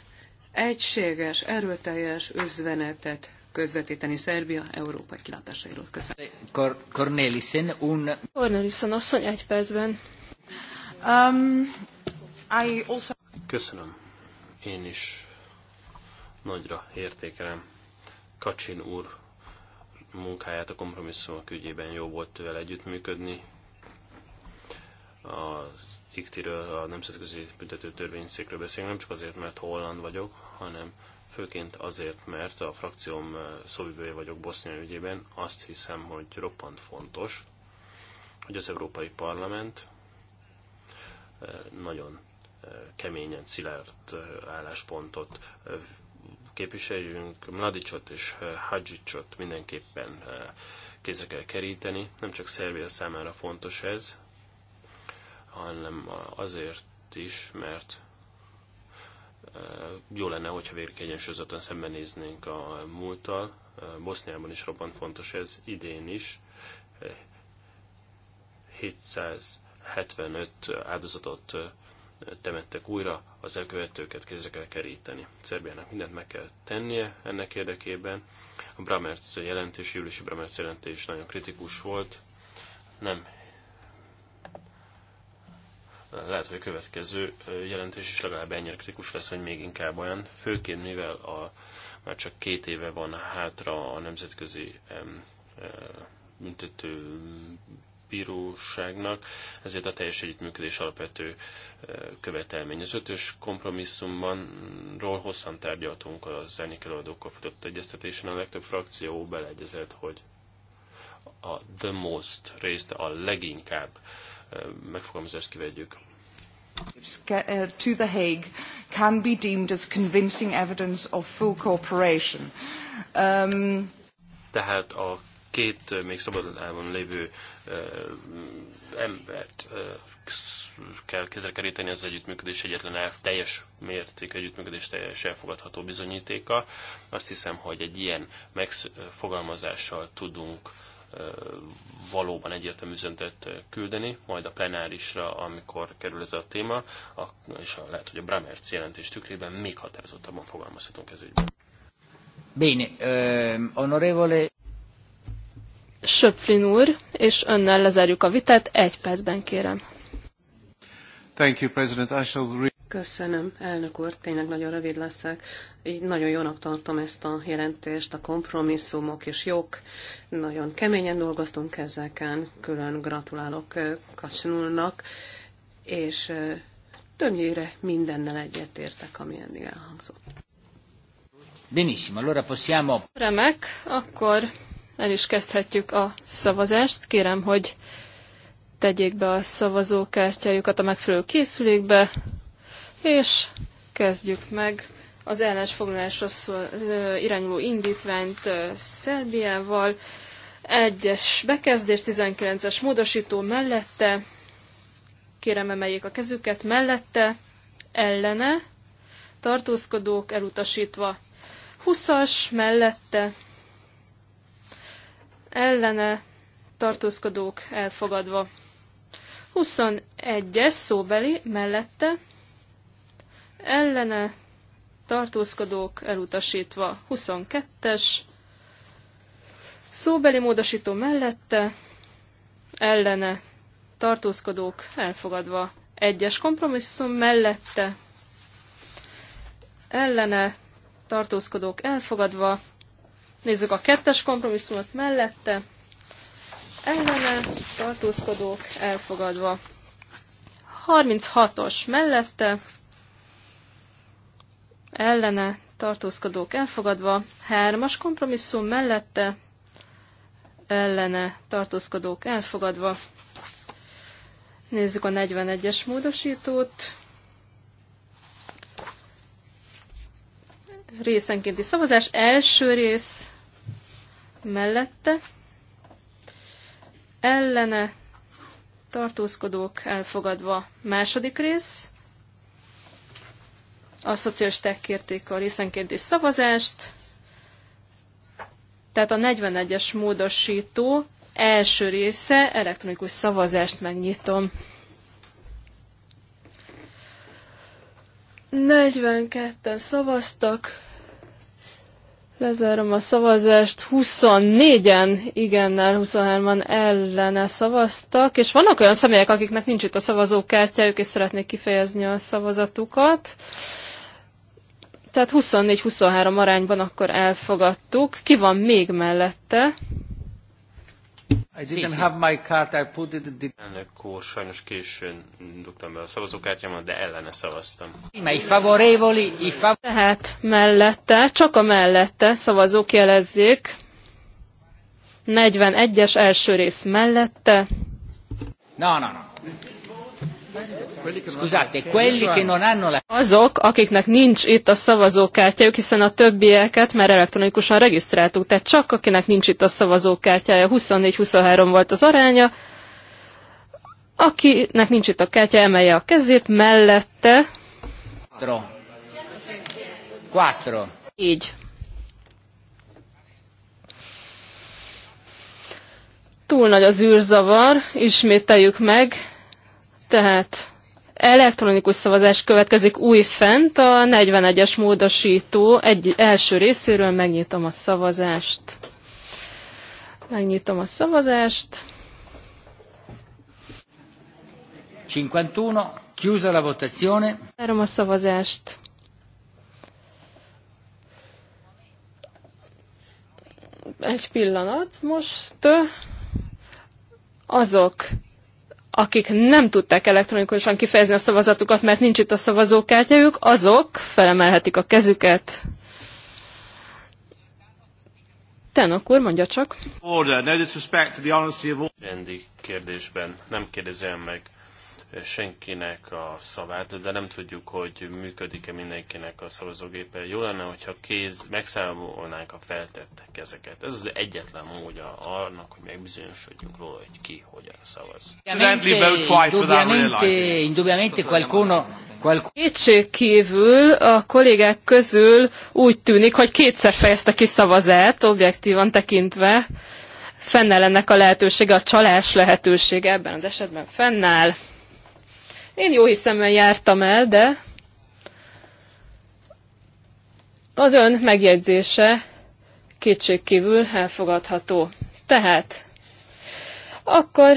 egységes, erőteljes üzenetet közvetíteni Szerbia európai kilátásairól. Köszönöm. Kor Cornelissen, un... Cornelissen asszony, egy percben. Um, I also... Köszönöm. Én is nagyra értékelem Kacsin úr munkáját a kompromisszumok ügyében jó volt vele együttműködni. Az iktiről, a Nemzetközi Büntető Törvényszékről beszélünk, nem csak azért, mert holland vagyok, hanem főként azért, mert a frakcióm eh, szóvivője vagyok Bosznia ügyében, azt hiszem, hogy roppant fontos, hogy az Európai Parlament eh, nagyon eh, keményen, szilárd álláspontot képviseljünk. Mladicsot és Hadzsicsot mindenképpen kézre kell keríteni. Nem csak Szerbia számára fontos ez, hanem azért is, mert e, jó lenne, hogyha végig egyensúlyozottan szembenéznénk a múlttal. E, Boszniában is robban fontos ez, idén is. 775 e, áldozatot temettek újra, az elkövetőket kézre kell keríteni. Szerbiának mindent meg kell tennie ennek érdekében. A Bramertz jelentés, júliusi Bramertz jelentés nagyon kritikus volt, nem lehet, hogy a következő jelentés is legalább ennyire kritikus lesz, hogy még inkább olyan, főként mivel a, már csak két éve van hátra a nemzetközi em, büntető bíróságnak, ezért a teljes együttműködés alapvető követelmény. Az ötös kompromisszumbanról hosszan tárgyaltunk az előadókkal futott egyeztetésen, a legtöbb frakció beleegyezett, hogy a the most részt a leginkább uh, megfogalmazást kivegyük. Uh, to the Hague can be deemed as convincing evidence of full cooperation. Um... Tehát a két uh, még szabadon lévő uh, embert uh, kell kezdre keríteni az együttműködés egyetlen elf, teljes mérték együttműködés teljes elfogadható bizonyítéka. Azt hiszem, hogy egy ilyen megfogalmazással tudunk uh, valóban egyértelmű üzenetet küldeni, majd a plenárisra, amikor kerül ez a téma, és lehet, hogy a Bramertz jelentés tükrében még határozottabban fogalmazhatunk ez ügyben. Bene, um, onorevole... Söpflin úr, és önnel lezárjuk a vitát, egy percben kérem. Thank you, President. I shall... Köszönöm, elnök úr, tényleg nagyon rövid leszek. Így nagyon jónak tartom ezt a jelentést, a kompromisszumok és jók. Nagyon keményen dolgoztunk ezeken, külön gratulálok eh, Kacsinulnak, és eh, többnyire mindennel egyetértek, ami eddig elhangzott. Benissimo, allora possiamo... Remek, akkor el is kezdhetjük a szavazást. Kérem, hogy tegyék be a szavazókártyájukat a megfelelő készülékbe és kezdjük meg az ellensfoglalásra irányuló indítványt Szerbiával. Egyes bekezdés, 19-es módosító mellette, kérem emeljék a kezüket, mellette, ellene, tartózkodók elutasítva. 20-as mellette, ellene, tartózkodók elfogadva. 21-es szóbeli mellette, ellene tartózkodók elutasítva 22-es, szóbeli módosító mellette ellene tartózkodók elfogadva egyes kompromisszum mellette ellene tartózkodók elfogadva. Nézzük a kettes kompromisszumot mellette. Ellene tartózkodók elfogadva. 36-os mellette ellene tartózkodók elfogadva, hármas kompromisszum mellette ellene tartózkodók elfogadva. Nézzük a 41-es módosítót. Részenkénti szavazás. Első rész mellette. Ellene tartózkodók elfogadva. Második rész a szocialisták kérték a részenkénti szavazást, tehát a 41-es módosító első része, elektronikus szavazást megnyitom. 42-en szavaztak, lezárom a szavazást, 24-en igennel, 23-an ellene szavaztak, és vannak olyan személyek, akiknek nincs itt a szavazókártyájuk, és szeretnék kifejezni a szavazatukat. Tehát 24-23 arányban akkor elfogadtuk. Ki van még mellette? I didn't have my card, I put it in the... Elnök úr, sajnos későn dugtam be a szavazókártyámat, de ellene szavaztam. Tehát mellette, csak a mellette szavazók jelezzék. 41-es első rész mellette. No, no, no. Scusate, quelli che non hanno la... Azok, akiknek nincs itt a szavazókártyájuk, hiszen a többieket már elektronikusan regisztráltuk, tehát csak akinek nincs itt a szavazókártyája, 24-23 volt az aránya, akinek nincs itt a kártya, emelje a kezét, mellette... 4. 4. Így. Túl nagy az űrzavar, ismételjük meg, tehát elektronikus szavazás következik újfent, a 41-es módosító egy első részéről megnyitom a szavazást. Megnyitom a szavazást. 51, chiusa la votazione. Várom a szavazást. Egy pillanat most. Azok, akik nem tudták elektronikusan kifejezni a szavazatukat, mert nincs itt a szavazókártyájuk, azok felemelhetik a kezüket. Tenok úr, mondja csak. Order, no disrespect to the honesty of all... Rendi kérdésben nem kérdezem meg senkinek a szavát, de nem tudjuk, hogy működik-e mindenkinek a szavazógépe. Jó lenne, hogyha kéz, megszámolnánk a feltett kezeket. Ez az egyetlen módja annak, hogy megbizonyosodjunk róla, hogy ki hogyan szavaz. qualcuno Kétség kívül a kollégák közül úgy tűnik, hogy kétszer fejezte ki szavazát, objektívan tekintve. Fennáll ennek a lehetősége, a csalás lehetősége ebben az esetben fennáll. Én jó hiszemben jártam el, de az ön megjegyzése kétségkívül elfogadható. Tehát akkor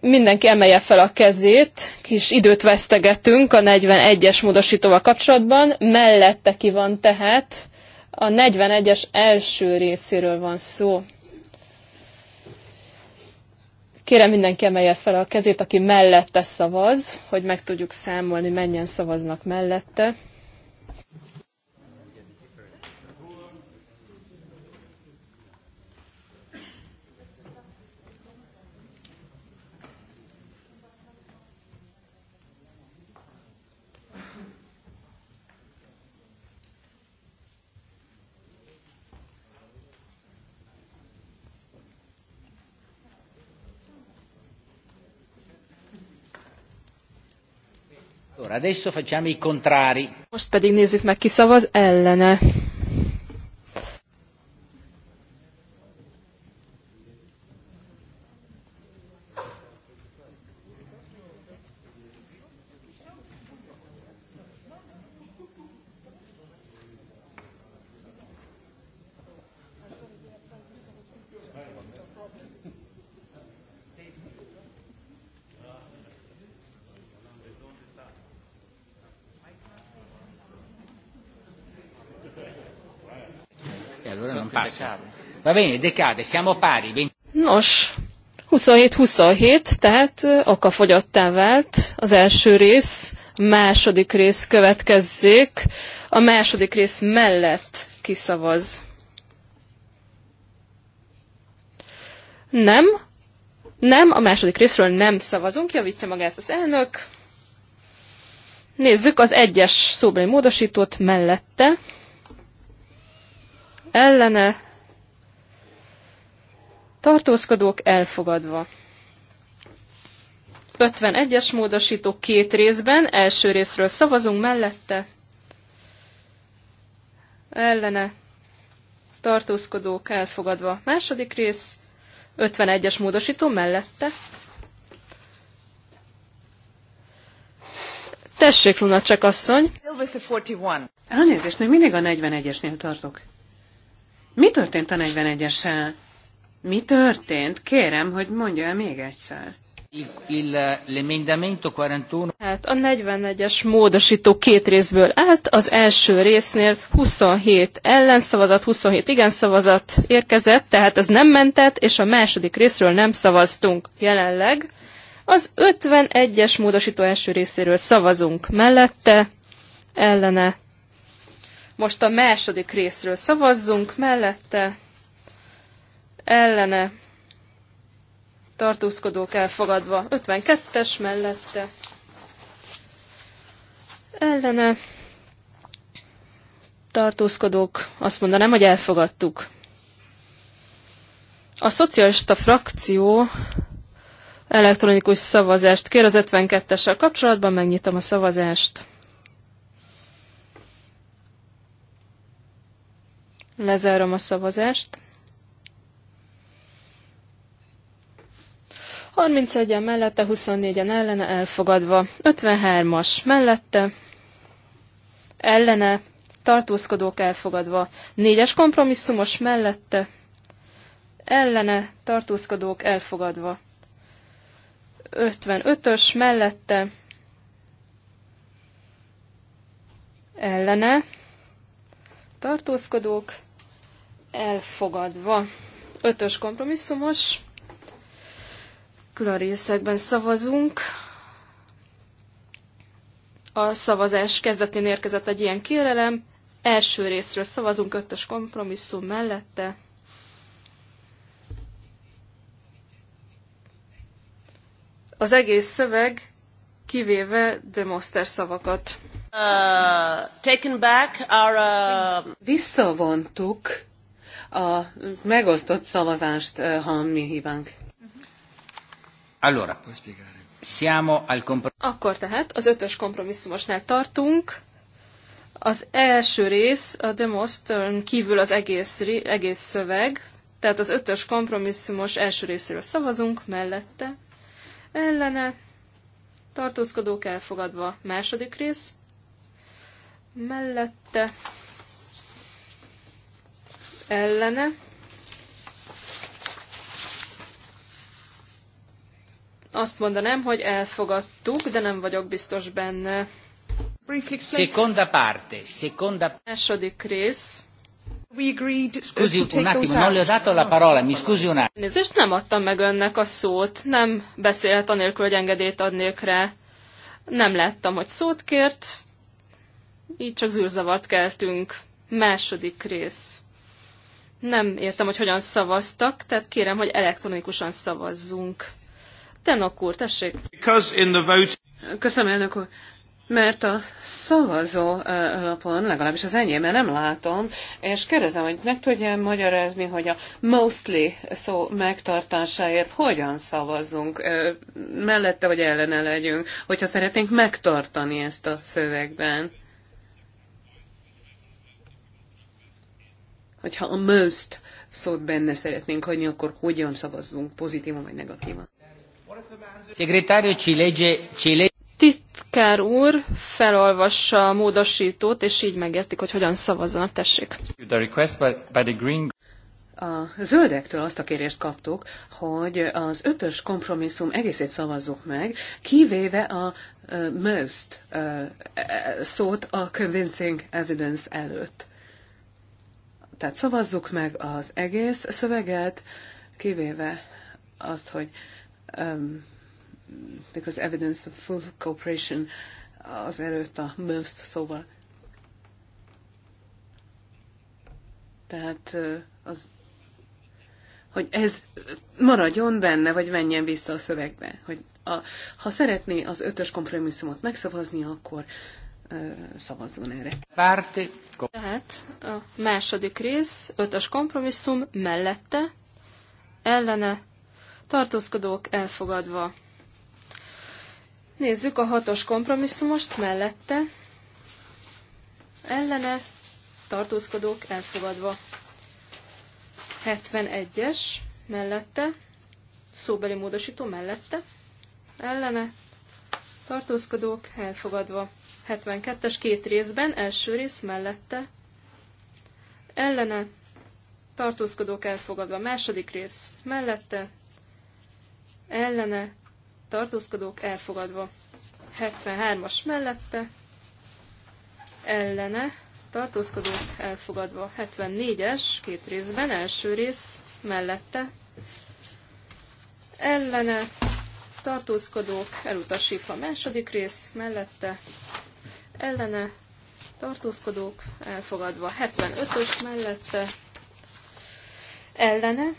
mindenki emelje fel a kezét, kis időt vesztegetünk a 41-es módosítóval kapcsolatban, mellette ki van tehát, a 41-es első részéről van szó. Kérem mindenki emelje fel a kezét, aki mellette szavaz, hogy meg tudjuk számolni, mennyien szavaznak mellette. adesso facciamo i contrari. Most pedig nézzük meg, ki szavaz ellene. passa. Va bene, decade, siamo pari. Nos, 27-27, tehát okafogyottá vált az első rész, második rész következzék, a második rész mellett kiszavaz. Nem, nem, a második részről nem szavazunk, javítja magát az elnök. Nézzük az egyes szóbeli módosítót mellette ellene tartózkodók elfogadva. 51-es módosító két részben, első részről szavazunk mellette, ellene tartózkodók elfogadva. Második rész, 51-es módosító mellette. Tessék, Luna, csak asszony! Elnézést, még mindig a 41-esnél tartok. Mi történt a 41-essel? Mi történt? Kérem, hogy mondja el még egyszer. Hát a 41-es módosító két részből állt, az első résznél 27 ellenszavazat, 27 igen szavazat érkezett, tehát ez nem mentett, és a második részről nem szavaztunk jelenleg. Az 51-es módosító első részéről szavazunk mellette, ellene most a második részről szavazzunk, mellette ellene tartózkodók elfogadva 52-es mellette ellene tartózkodók azt mondanám, hogy elfogadtuk. A szocialista frakció elektronikus szavazást kér az 52-essel kapcsolatban, megnyitom a szavazást. Lezárom a szavazást. 31-en mellette, 24-en ellene elfogadva. 53-as mellette, ellene, tartózkodók elfogadva. 4-es kompromisszumos mellette, ellene, tartózkodók elfogadva. 55-ös mellette, ellene, tartózkodók elfogadva. Ötös kompromisszumos, külön részekben szavazunk. A szavazás kezdetén érkezett egy ilyen kérelem. Első részről szavazunk ötös kompromisszum mellette. Az egész szöveg kivéve demoszter szavakat. Uh, taken back our, uh... Visszavontuk a megosztott szavazást eh, mi hívánk. Allora, siamo al Akkor tehát az ötös kompromisszumosnál tartunk. Az első rész a demosztön eh, kívül az egész, egész szöveg, tehát az ötös kompromisszumos első részéről szavazunk, mellette, ellene, tartózkodók elfogadva, második rész, mellette, ellene. Azt mondanám, hogy elfogadtuk, de nem vagyok biztos benne. Seconda parte, seconda... Második rész. We agreed scusi un attimo, non le ho dato la parola, mi scusi un attimo. Nézést, nem adtam meg önnek a szót, nem beszélt anélkül, hogy engedélyt adnék rá. Nem láttam, hogy szót kért, így csak zűrzavart keltünk. Második rész. Nem értem, hogy hogyan szavaztak, tehát kérem, hogy elektronikusan szavazzunk. Tenok úr, tessék! Vote... Köszönöm, elnök úr. Mert a szavazó lapon, legalábbis az enyémben nem látom, és kérdezem, hogy meg tudjam magyarázni, hogy a mostly szó megtartásáért hogyan szavazzunk, mellette vagy ellene legyünk, hogyha szeretnénk megtartani ezt a szövegben. hogyha a most szót benne szeretnénk hagyni, akkor hogyan szavazzunk, pozitívan vagy negatívan? Titkár úr felolvassa a módosítót, és így megértik, hogy hogyan szavazzanak. Tessék. A zöldektől azt a kérést kaptuk, hogy az ötös kompromisszum egészét szavazzuk meg, kivéve a uh, most uh, szót a convincing evidence előtt. Tehát szavazzuk meg az egész szöveget, kivéve azt, hogy um, because evidence of full cooperation az előtt a most szóval. Tehát az, hogy ez maradjon benne, vagy menjen vissza a szövegbe. Hogy a, ha szeretné az ötös kompromisszumot megszavazni, akkor szavazzon erre. Párti. Tehát a második rész, ötös kompromisszum mellette, ellene, tartózkodók elfogadva. Nézzük a hatos kompromisszumost mellette, ellene, tartózkodók elfogadva. 71-es mellette, szóbeli módosító mellette, ellene, tartózkodók elfogadva. 72-es két részben, első rész mellette, ellene, tartózkodók elfogadva, második rész mellette, ellene, tartózkodók elfogadva, 73-as mellette, ellene, tartózkodók elfogadva, 74-es két részben, első rész mellette, ellene, tartózkodók elutasítva, második rész mellette, ellene tartózkodók elfogadva. 75-ös mellette ellene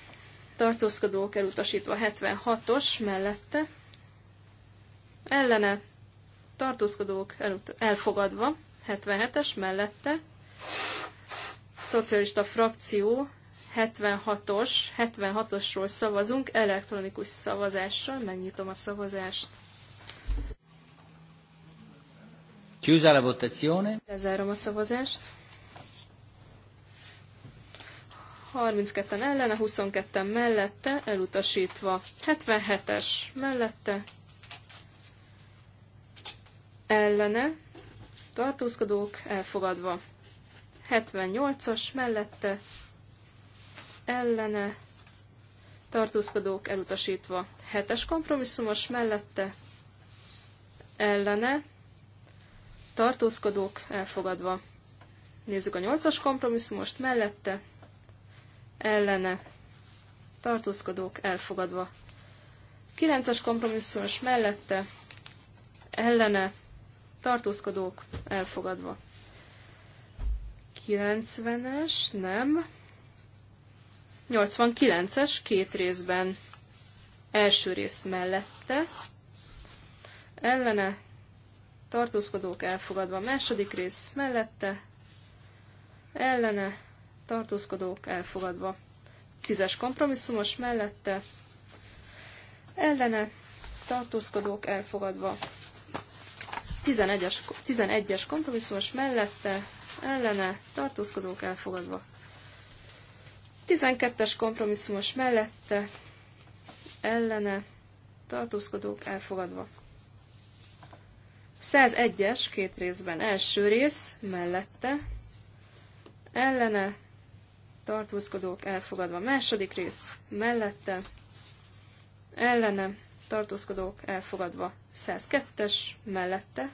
tartózkodók elutasítva. 76-os mellette ellene tartózkodók elfogadva. 77-es mellette szocialista frakció 76-os, 76-osról szavazunk, elektronikus szavazással megnyitom a szavazást. Chiusa la votazione. Lezárom a szavazást. 32-en ellene, 22-en mellette, elutasítva. 77-es mellette, ellene, tartózkodók elfogadva. 78-as mellette, ellene, tartózkodók elutasítva. 7-es kompromisszumos mellette, ellene, tartózkodók elfogadva. Nézzük a nyolcas kompromisszumost mellette, ellene, tartózkodók elfogadva. Kilences kompromisszumos mellette, ellene, tartózkodók elfogadva. 90-es, nem. 89-es, két részben. Első rész mellette, ellene, tartózkodók elfogadva. Második rész mellette, ellene, tartózkodók elfogadva. Tízes kompromisszumos mellette, ellene, tartózkodók elfogadva. 11-es, 11-es kompromisszumos mellette, ellene, tartózkodók elfogadva. 12-es kompromisszumos mellette, ellene, tartózkodók elfogadva. 101-es két részben első rész mellette, ellene tartózkodók elfogadva második rész mellette, ellene tartózkodók elfogadva 102-es mellette,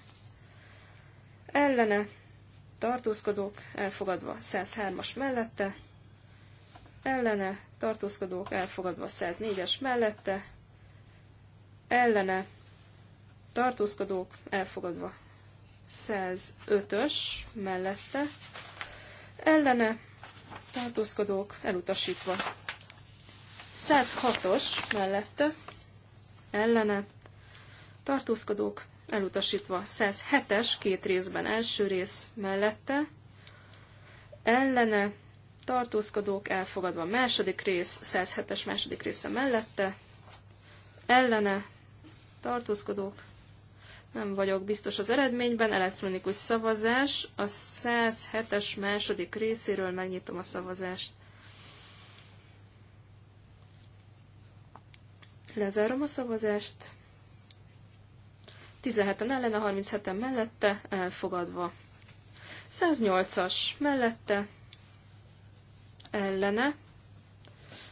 ellene tartózkodók elfogadva 103-as mellette, ellene tartózkodók elfogadva 104-es mellette, ellene tartózkodók elfogadva. 105-ös mellette ellene tartózkodók elutasítva. 106-os mellette ellene tartózkodók elutasítva. 107-es két részben első rész mellette ellene tartózkodók elfogadva. Második rész 107-es második része mellette ellene tartózkodók nem vagyok biztos az eredményben. Elektronikus szavazás. A 107-es második részéről megnyitom a szavazást. Lezárom a szavazást. 17-en ellene, 37-en mellette, elfogadva. 108-as mellette, ellene,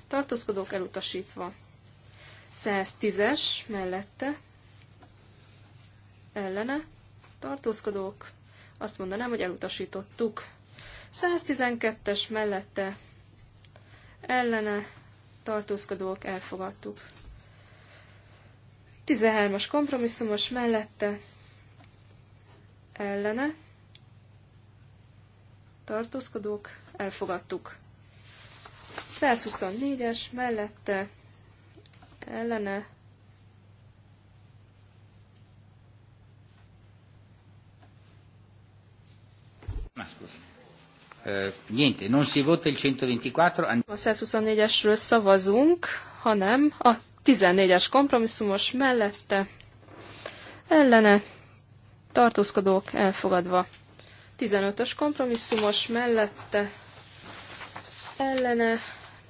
tartózkodók elutasítva. 110-es mellette, ellene tartózkodók, azt mondanám, hogy elutasítottuk. 112-es mellette ellene tartózkodók, elfogadtuk. 13-as kompromisszumos mellette ellene tartózkodók, elfogadtuk. 124-es mellette ellene Ma scusa. Eh, niente, non si vota il 124. A 124-esről szavazunk, hanem a 14-es kompromisszumos mellette ellene tartózkodók elfogadva. 15-ös kompromisszumos mellette ellene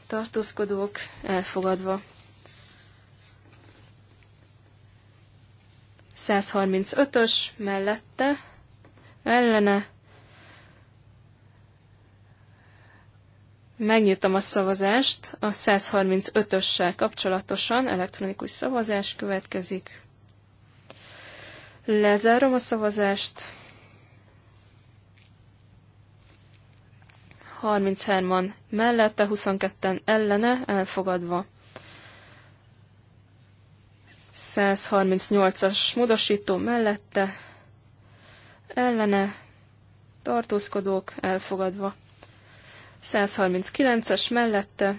tartózkodók elfogadva. 135-ös mellette ellene Megnyitom a szavazást a 135-össel kapcsolatosan, elektronikus szavazás következik. Lezárom a szavazást. 33-an mellette, 22-en ellene, elfogadva. 138-as módosító mellette, ellene, tartózkodók, elfogadva. 139-es mellette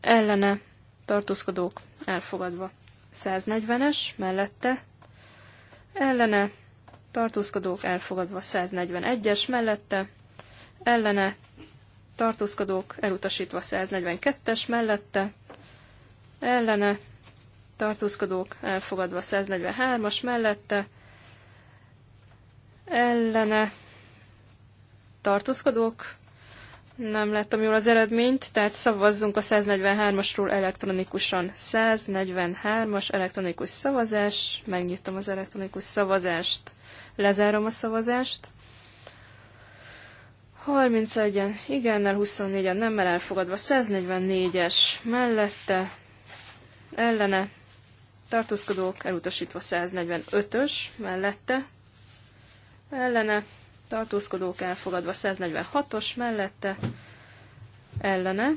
ellene tartózkodók elfogadva. 140-es mellette ellene tartózkodók elfogadva. 141-es mellette ellene tartózkodók elutasítva. 142-es mellette ellene tartózkodók elfogadva. 143-as mellette ellene tartózkodók nem láttam jól az eredményt, tehát szavazzunk a 143-asról elektronikusan. 143-as elektronikus szavazás, megnyitom az elektronikus szavazást, lezárom a szavazást. 31-en igennel, 24-en nemmel elfogadva, 144-es mellette, ellene, tartózkodók elutasítva 145-ös mellette, ellene, tartózkodók elfogadva 146-os mellette, ellene,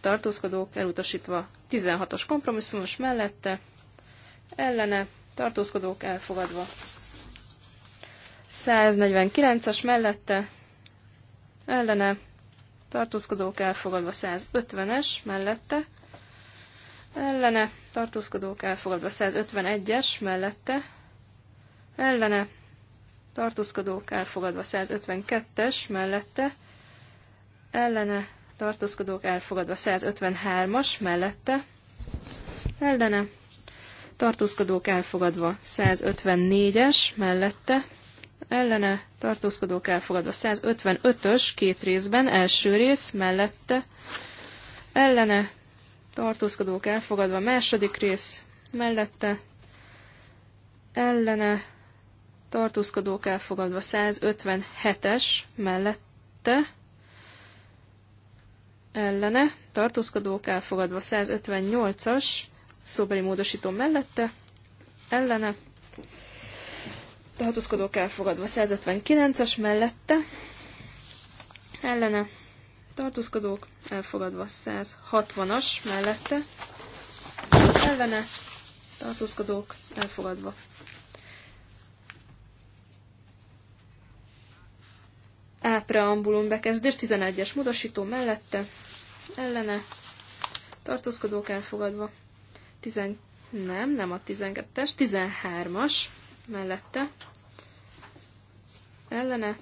tartózkodók elutasítva 16-os kompromisszumos mellette, ellene, tartózkodók elfogadva 149 as mellette, ellene, tartózkodók elfogadva 150-es mellette, ellene, tartózkodók elfogadva 151-es mellette, ellene, tartózkodók elfogadva 152-es mellette, ellene tartózkodók elfogadva 153-as mellette, ellene tartózkodók elfogadva 154-es mellette, ellene tartózkodók elfogadva 155-ös két részben, első rész mellette, ellene tartózkodók elfogadva második rész mellette, ellene tartózkodók elfogadva 157-es mellette, ellene, tartózkodók elfogadva 158-as szóbeli módosító mellette, ellene, tartózkodók elfogadva 159-es mellette, ellene, tartózkodók elfogadva 160-as mellette, ellene, tartózkodók elfogadva ápreambulum bekezdés 11-es módosító mellette, ellene, tartózkodók elfogadva. 10, nem, nem a 12-es, 13-as mellette, ellene,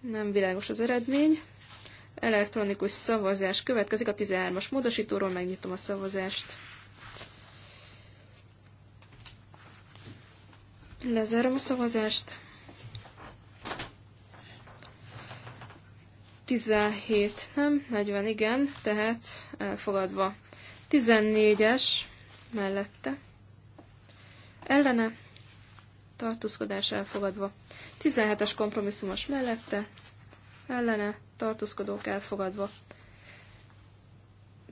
nem világos az eredmény. Elektronikus szavazás következik a 13-as módosítóról, megnyitom a szavazást. Lezárom a szavazást. 17, nem, 40, igen, tehát elfogadva. 14-es mellette. Ellene tartózkodás elfogadva. 17-es kompromisszumos mellette, ellene, tartózkodók elfogadva.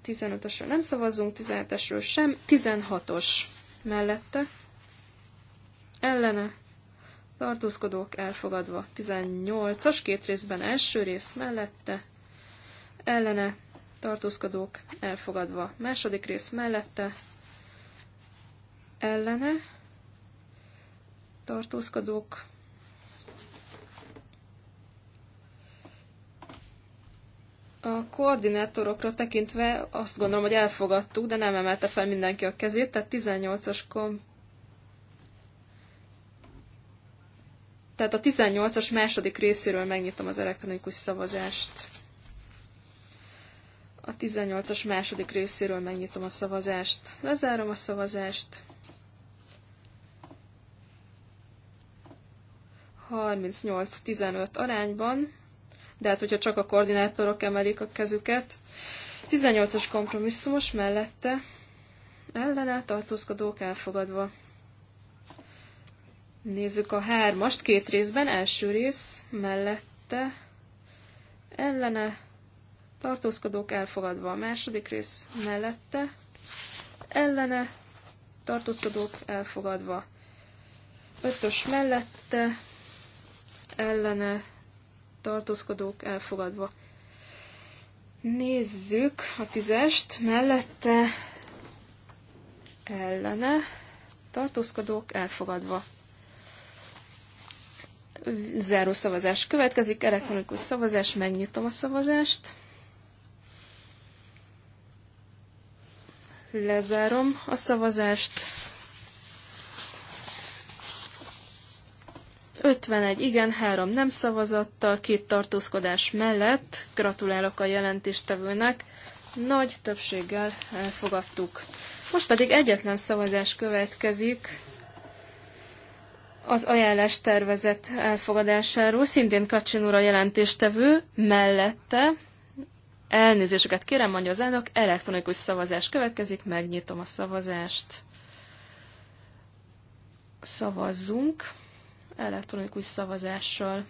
15-ösről nem szavazzunk, 17-esről sem, 16-os mellette, ellene, tartózkodók elfogadva. 18-as két részben első rész mellette, ellene tartózkodók elfogadva. Második rész mellette, ellene tartózkodók A koordinátorokra tekintve azt gondolom, hogy elfogadtuk, de nem emelte fel mindenki a kezét, tehát 18-as kom Tehát a 18-as második részéről megnyitom az elektronikus szavazást. A 18-as második részéről megnyitom a szavazást. Lezárom a szavazást. 38-15 arányban, de hát hogyha csak a koordinátorok emelik a kezüket. 18-as kompromisszumos mellette ellene tartózkodók elfogadva. Nézzük a hármast két részben, első rész mellette ellene tartózkodók elfogadva, a második rész mellette ellene tartózkodók elfogadva, ötös mellette ellene tartózkodók elfogadva. Nézzük a tízest, mellette ellene tartózkodók elfogadva. Záró szavazás következik, elektronikus szavazás, megnyitom a szavazást. Lezárom a szavazást. 51 igen, 3 nem szavazattal, két tartózkodás mellett. Gratulálok a jelentéstevőnek. Nagy többséggel elfogadtuk. Most pedig egyetlen szavazás következik az ajánlás tervezett elfogadásáról, szintén Kacsin úr a jelentéstevő mellette, elnézéseket kérem, mondja az elnök, elektronikus szavazás következik, megnyitom a szavazást. Szavazzunk elektronikus szavazással.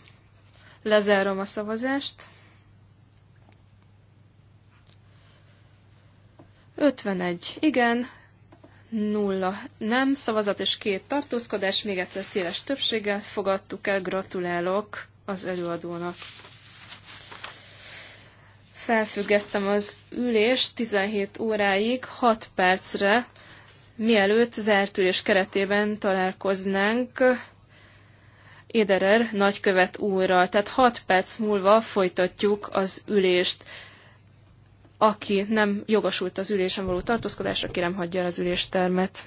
Lezárom a szavazást. 51 igen, nulla nem szavazat és két tartózkodás, még egyszer széles többséggel fogadtuk el, gratulálok az előadónak. Felfüggesztem az ülést 17 óráig, 6 percre, mielőtt zárt ülés keretében találkoznánk Éderer nagykövet úrral. Tehát 6 perc múlva folytatjuk az ülést. Aki nem jogosult az ülésen való tartózkodásra, kérem hagyja el az üléstermet.